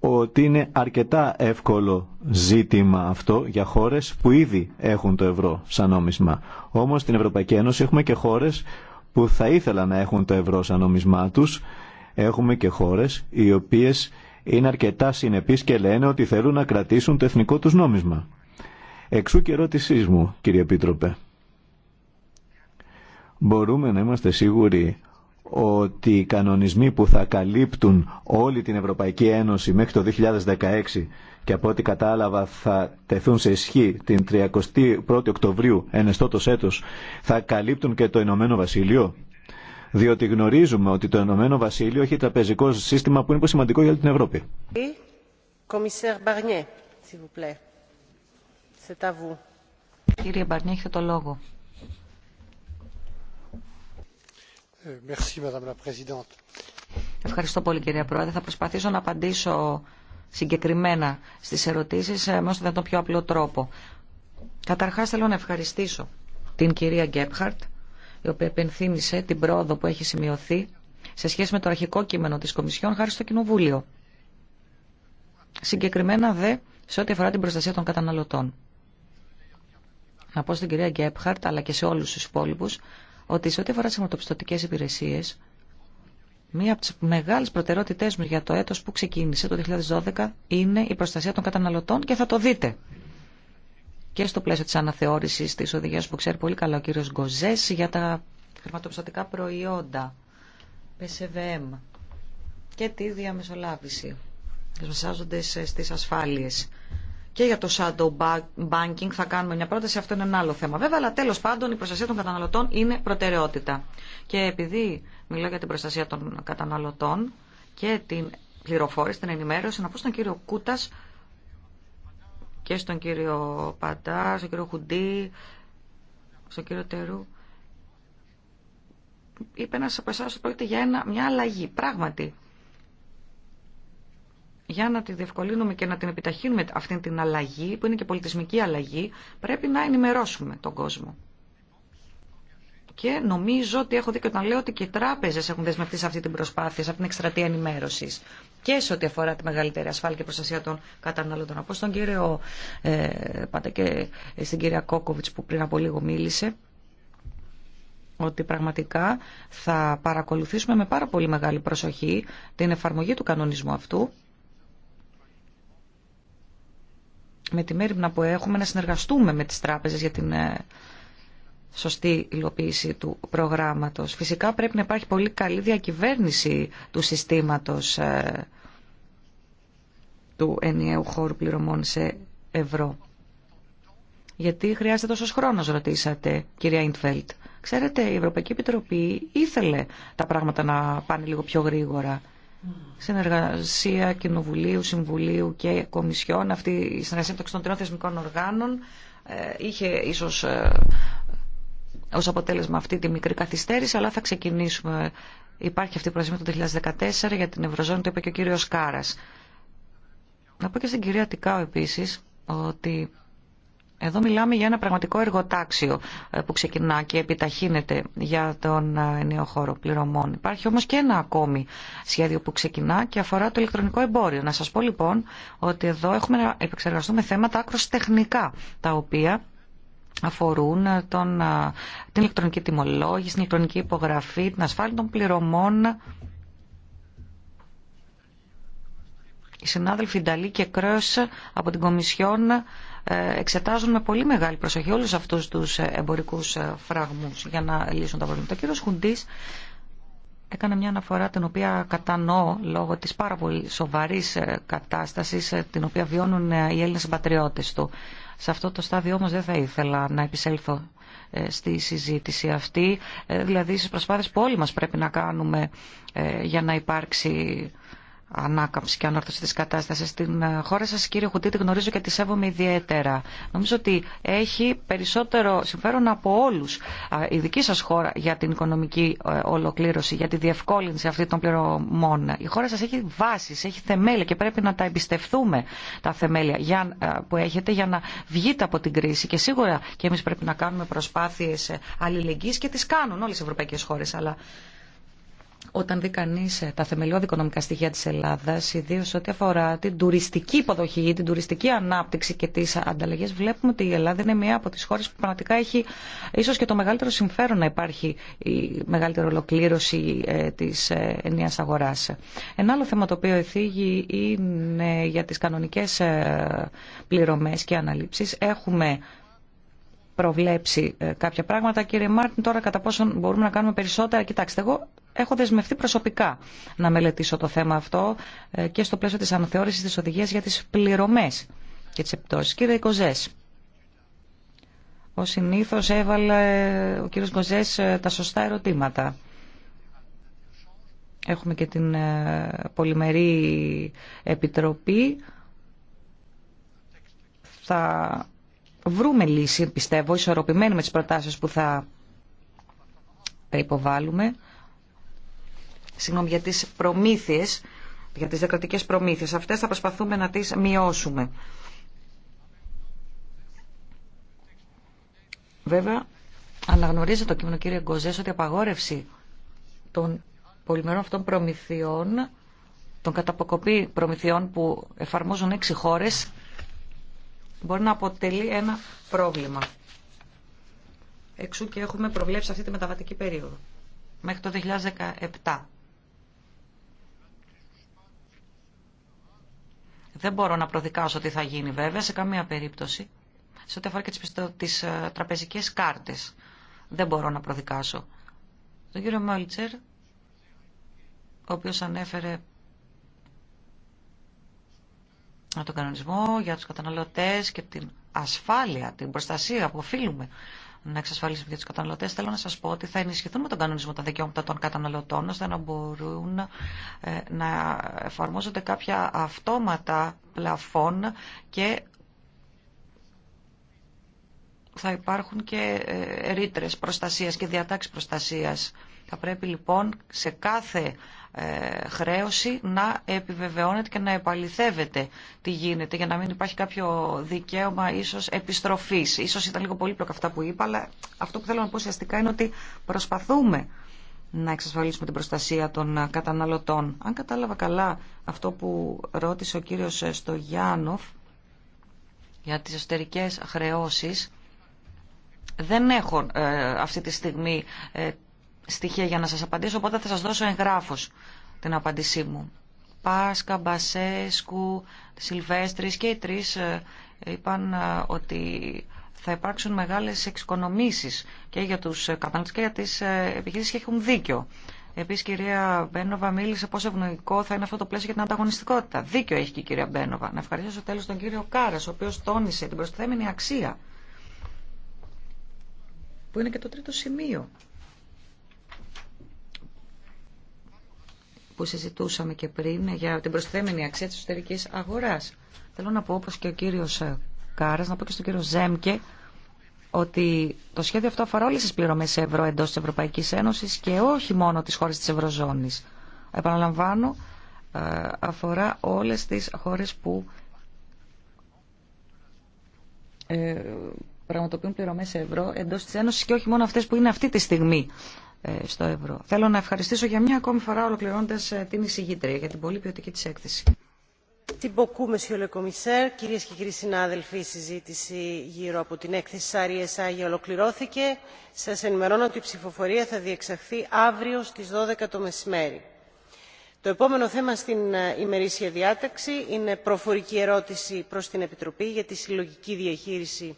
ότι είναι αρκετά εύκολο ζήτημα αυτό για χώρες που ήδη έχουν το ευρώ σαν νόμισμα. Όμως στην Ευρωπαϊκή Ένωση έχουμε και χώρες που θα ήθελαν να έχουν το ευρώ σαν νόμισμά τους. Έχουμε και χώρες οι οποίες είναι αρκετά συνεπείς και λένε ότι θέλουν να κρατήσουν το εθνικό τους νόμισμα. Εξού και ερώτησή μου, κύριε Επίτροπε. Μπορούμε να είμαστε σίγουροι ότι οι κανονισμοί που θα καλύπτουν όλη την Ευρωπαϊκή Ένωση μέχρι το 2016 και από ό,τι κατάλαβα θα τεθούν σε ισχύ την 31η Οκτωβρίου ενεστώτος έτος θα καλύπτουν και το Ηνωμένο Βασίλειο διότι γνωρίζουμε ότι το Ενωμένο Βασίλειο έχει τραπεζικό σύστημα που είναι σημαντικό για την Ευρώπη. Κύριε Μπαρνιέ, έχετε το λόγο. Ε, Ευχαριστώ πολύ κυρία Πρόεδρε. Θα προσπαθήσω να απαντήσω συγκεκριμένα στις ερωτήσεις ε, με όσο το πιο απλό τρόπο. Καταρχάς θέλω να ευχαριστήσω την κυρία Γκέπχαρτ η οποία επενθύμησε την πρόοδο που έχει σημειωθεί σε σχέση με το αρχικό κείμενο της Κομισιόν χάρη στο Κοινοβούλιο. Συγκεκριμένα δε σε ό,τι αφορά την προστασία των καταναλωτών. Να πω στην κυρία Γκέπχαρτ αλλά και σε όλους τους υπόλοιπους ότι σε ό,τι αφορά τις αιματοπιστωτικές υπηρεσίες Μία από τις μεγάλες προτεραιότητές μου για το έτος που ξεκίνησε το 2012 είναι η προστασία των καταναλωτών και θα το δείτε και στο πλαίσιο της αναθεώρησης της οδηγίας που ξέρει πολύ καλά ο κύριος Γκοζές για τα χρηματοπιστωτικά προϊόντα, PSVM και τη διαμεσολάβηση μεσάζονται στις ασφάλειες. Και για το shadow banking θα κάνουμε μια πρόταση, αυτό είναι ένα άλλο θέμα. Βέβαια, αλλά τέλος πάντων η προστασία των καταναλωτών είναι προτεραιότητα. Και επειδή μιλάω για την προστασία των καταναλωτών και την πληροφόρηση, την ενημέρωση, να πω στον κύριο Κούτας και στον κύριο Παντά, στον κύριο Χουντή, στον κύριο Τερού. Είπε ένα από εσά ότι πρόκειται για ένα, μια αλλαγή. Πράγματι, για να τη διευκολύνουμε και να την επιταχύνουμε αυτή την αλλαγή, που είναι και πολιτισμική αλλαγή, πρέπει να ενημερώσουμε τον κόσμο. Και νομίζω ότι έχω δίκιο όταν λέω ότι και οι τράπεζε έχουν δεσμευτεί σε αυτή την προσπάθεια, σε αυτή την εκστρατεία ενημέρωση. Και σε ό,τι αφορά τη μεγαλύτερη ασφάλεια και προστασία των καταναλωτών. Από στον κύριο ε, και στην κυρία Κόκοβιτ που πριν από λίγο μίλησε, ότι πραγματικά θα παρακολουθήσουμε με πάρα πολύ μεγάλη προσοχή την εφαρμογή του κανονισμού αυτού. Με τη μέρη που έχουμε να συνεργαστούμε με τις τράπεζες για την ε, σωστή υλοποίηση του προγράμματος. Φυσικά πρέπει να υπάρχει πολύ καλή διακυβέρνηση του συστήματος ε, του ενιαίου χώρου πληρωμών σε ευρώ. Γιατί χρειάζεται τόσο χρόνος, ρωτήσατε, κυρία Ιντφέλτ. Ξέρετε, η Ευρωπαϊκή Επιτροπή ήθελε τα πράγματα να πάνε λίγο πιο γρήγορα. Συνεργασία Κοινοβουλίου, Συμβουλίου και κομισιών, αυτή η συνεργασία των τριών θεσμικών οργάνων ε, είχε ίσως ε, ως αποτέλεσμα αυτή τη μικρή καθυστέρηση, αλλά θα ξεκινήσουμε. Υπάρχει αυτή η προσέγγιση το 2014 για την Ευρωζώνη, το είπε και ο κύριος Κάρας. Να πω και στην κυρία Τικάου επίσης ότι εδώ μιλάμε για ένα πραγματικό εργοτάξιο ε, που ξεκινά και επιταχύνεται για τον ε, νέο χώρο πληρωμών. Υπάρχει όμως και ένα ακόμη σχέδιο που ξεκινά και αφορά το ηλεκτρονικό εμπόριο. Να σας πω λοιπόν ότι εδώ έχουμε να επεξεργαστούμε θέματα άκρο τεχνικά, τα οποία αφορούν τον, την ηλεκτρονική τιμολόγηση, την ηλεκτρονική υπογραφή, την ασφάλεια των πληρωμών. Οι συνάδελφοι Νταλή και Κρός από την Κομισιόν ε, εξετάζουν με πολύ μεγάλη προσοχή όλους αυτούς τους ε, εμπορικούς ε, φραγμούς για να λύσουν τα προβλήματα. Ο κύριος Χουντής έκανε μια αναφορά την οποία κατανοώ λόγω της πάρα πολύ σοβαρής κατάστασης την οποία βιώνουν οι Έλληνες πατριώτες του. Σε αυτό το στάδιο όμως δεν θα ήθελα να επισέλθω ε, στη συζήτηση αυτή, ε, δηλαδή στις προσπάθειες που όλοι μας πρέπει να κάνουμε ε, για να υπάρξει ανάκαμψη και ανόρθωση της κατάστασης. Στην ε, χώρα σας, κύριε Χουτίτη, γνωρίζω και τη σέβομαι ιδιαίτερα. Νομίζω ότι έχει περισσότερο συμφέρον από όλους ε, η δική σας χώρα για την οικονομική ε, ολοκλήρωση, για τη διευκόλυνση αυτή των πληρωμών. Η χώρα σας έχει βάσεις, έχει θεμέλια και πρέπει να τα εμπιστευτούμε τα θεμέλια που έχετε για να βγείτε από την κρίση. Και σίγουρα και εμείς πρέπει να κάνουμε προσπάθειες αλληλεγγύης και τις κάνουν όλες οι ευρωπαϊκές χώρες. Αλλά όταν δει κανεί ε, τα θεμελιώδη οικονομικά στοιχεία τη Ελλάδα, ιδίω ό,τι αφορά την τουριστική υποδοχή, την τουριστική ανάπτυξη και τι ανταλλαγέ, βλέπουμε ότι η Ελλάδα είναι μία από τι χώρε που πραγματικά έχει ίσω και το μεγαλύτερο συμφέρον να υπάρχει η μεγαλύτερη ολοκλήρωση ε, τη ε, ενία αγορά. Ένα άλλο θέμα το οποίο εθίγει είναι για τι κανονικέ πληρωμέ και αναλήψει. Έχουμε προβλέψει ε, κάποια πράγματα. Κύριε Μάρτιν, τώρα κατά πόσον μπορούμε να κάνουμε περισσότερα. Κοιτάξτε, εγώ έχω δεσμευτεί προσωπικά να μελετήσω το θέμα αυτό ε, και στο πλαίσιο της αναθεώρησης της οδηγίας για τις πληρωμές και τις επιπτώσεις. Κύριε Κοζές, ο συνήθως έβαλε ο κύριος Κοζές ε, τα σωστά ερωτήματα. Έχουμε και την Πολυμερή Επιτροπή. Θα βρούμε λύση, πιστεύω, ισορροπημένη με τις προτάσεις που θα υποβάλουμε. Συγγνώμη, για τις προμήθειες, για τις δεκρατικές προμήθειες. Αυτές θα προσπαθούμε να τις μειώσουμε. Βέβαια, αναγνωρίζει το κείμενο κύριε Γκοζές ότι η απαγόρευση των πολυμερών αυτών προμηθειών, των καταποκοπή προμηθειών που εφαρμόζουν έξι χώρες, μπορεί να αποτελεί ένα πρόβλημα. Εξού και έχουμε προβλέψει αυτή τη μεταβατική περίοδο. Μέχρι το 2017. Δεν μπορώ να προδικάσω τι θα γίνει βέβαια σε καμία περίπτωση. Σε ό,τι αφορά και τις, τις ε, τραπεζικές κάρτες. Δεν μπορώ να προδικάσω. Το κύριο Μόλιτσερ, ο οποίος ανέφερε τον κανονισμό για τους καταναλωτές και την ασφάλεια, την προστασία που οφείλουμε να εξασφαλίσουμε για τους καταναλωτές. θέλω να σας πω ότι θα ενισχυθούν με τον κανονισμό τα δικαιώματα των καταναλωτών, ώστε να μπορούν ε, να εφαρμόζονται κάποια αυτόματα πλαφών και θα υπάρχουν και ε, ρήτρε προστασία και διατάξει προστασία. Θα πρέπει λοιπόν σε κάθε ε, χρέωση να επιβεβαιώνεται και να επαληθεύεται τι γίνεται για να μην υπάρχει κάποιο δικαίωμα ίσως επιστροφής. Ίσως ήταν λίγο πολύπλοκα αυτά που είπα, αλλά αυτό που θέλω να πω ουσιαστικά είναι ότι προσπαθούμε να εξασφαλίσουμε την προστασία των καταναλωτών. Αν κατάλαβα καλά αυτό που ρώτησε ο κύριος Στογιάνοφ για τις εσωτερικές χρεώσεις, δεν έχω ε, αυτή τη στιγμή ε, στοιχεία για να σας απαντήσω, οπότε θα σας δώσω εγγράφος την απάντησή μου. Πάσκα, Μπασέσκου, Σιλβέστρης και οι τρεις ε, είπαν ε, ότι θα υπάρξουν μεγάλες εξοικονομήσεις και για τους ε, καταναλωτές και για τις επιχειρήσεις και έχουν δίκιο. Επίσης, κυρία Μπένοβα μίλησε πόσο ευνοϊκό θα είναι αυτό το πλαίσιο για την ανταγωνιστικότητα. Δίκιο έχει και η κυρία Μπένοβα. Να ευχαριστήσω τέλος τον κύριο Κάρα ο οποίος τόνισε την προστιθέμενη αξία, που είναι και το τρίτο σημείο που συζητούσαμε και πριν για την προσθέμενη αξία της εσωτερικής αγοράς. Θέλω να πω όπως και ο κύριος Κάρας, να πω και στον κύριο Ζέμκε, ότι το σχέδιο αυτό αφορά όλες τις πληρωμές ευρώ εντός της Ευρωπαϊκής Ένωσης και όχι μόνο τις χώρες της Ευρωζώνης. Επαναλαμβάνω, ε, αφορά όλες τις χώρες που ε, πραγματοποιούν πληρωμές ευρώ εντός της Ένωσης και όχι μόνο αυτές που είναι αυτή τη στιγμή ε, στο ευρώ. Θέλω να ευχαριστήσω για μια ακόμη φορά ολοκληρώνοντα ε, την εισηγήτρια για την πολύ ποιοτική τη έκθεση. Κυρίε και κύριοι συνάδελφοι, η συζήτηση γύρω από την έκθεση Σάρι Εσάγια ολοκληρώθηκε. Σα ενημερώνω ότι η ψηφοφορία θα διεξαχθεί αύριο στι 12 το μεσημέρι. Το επόμενο θέμα στην ε, ημερήσια διάταξη είναι προφορική ερώτηση προ την Επιτροπή για τη συλλογική διαχείριση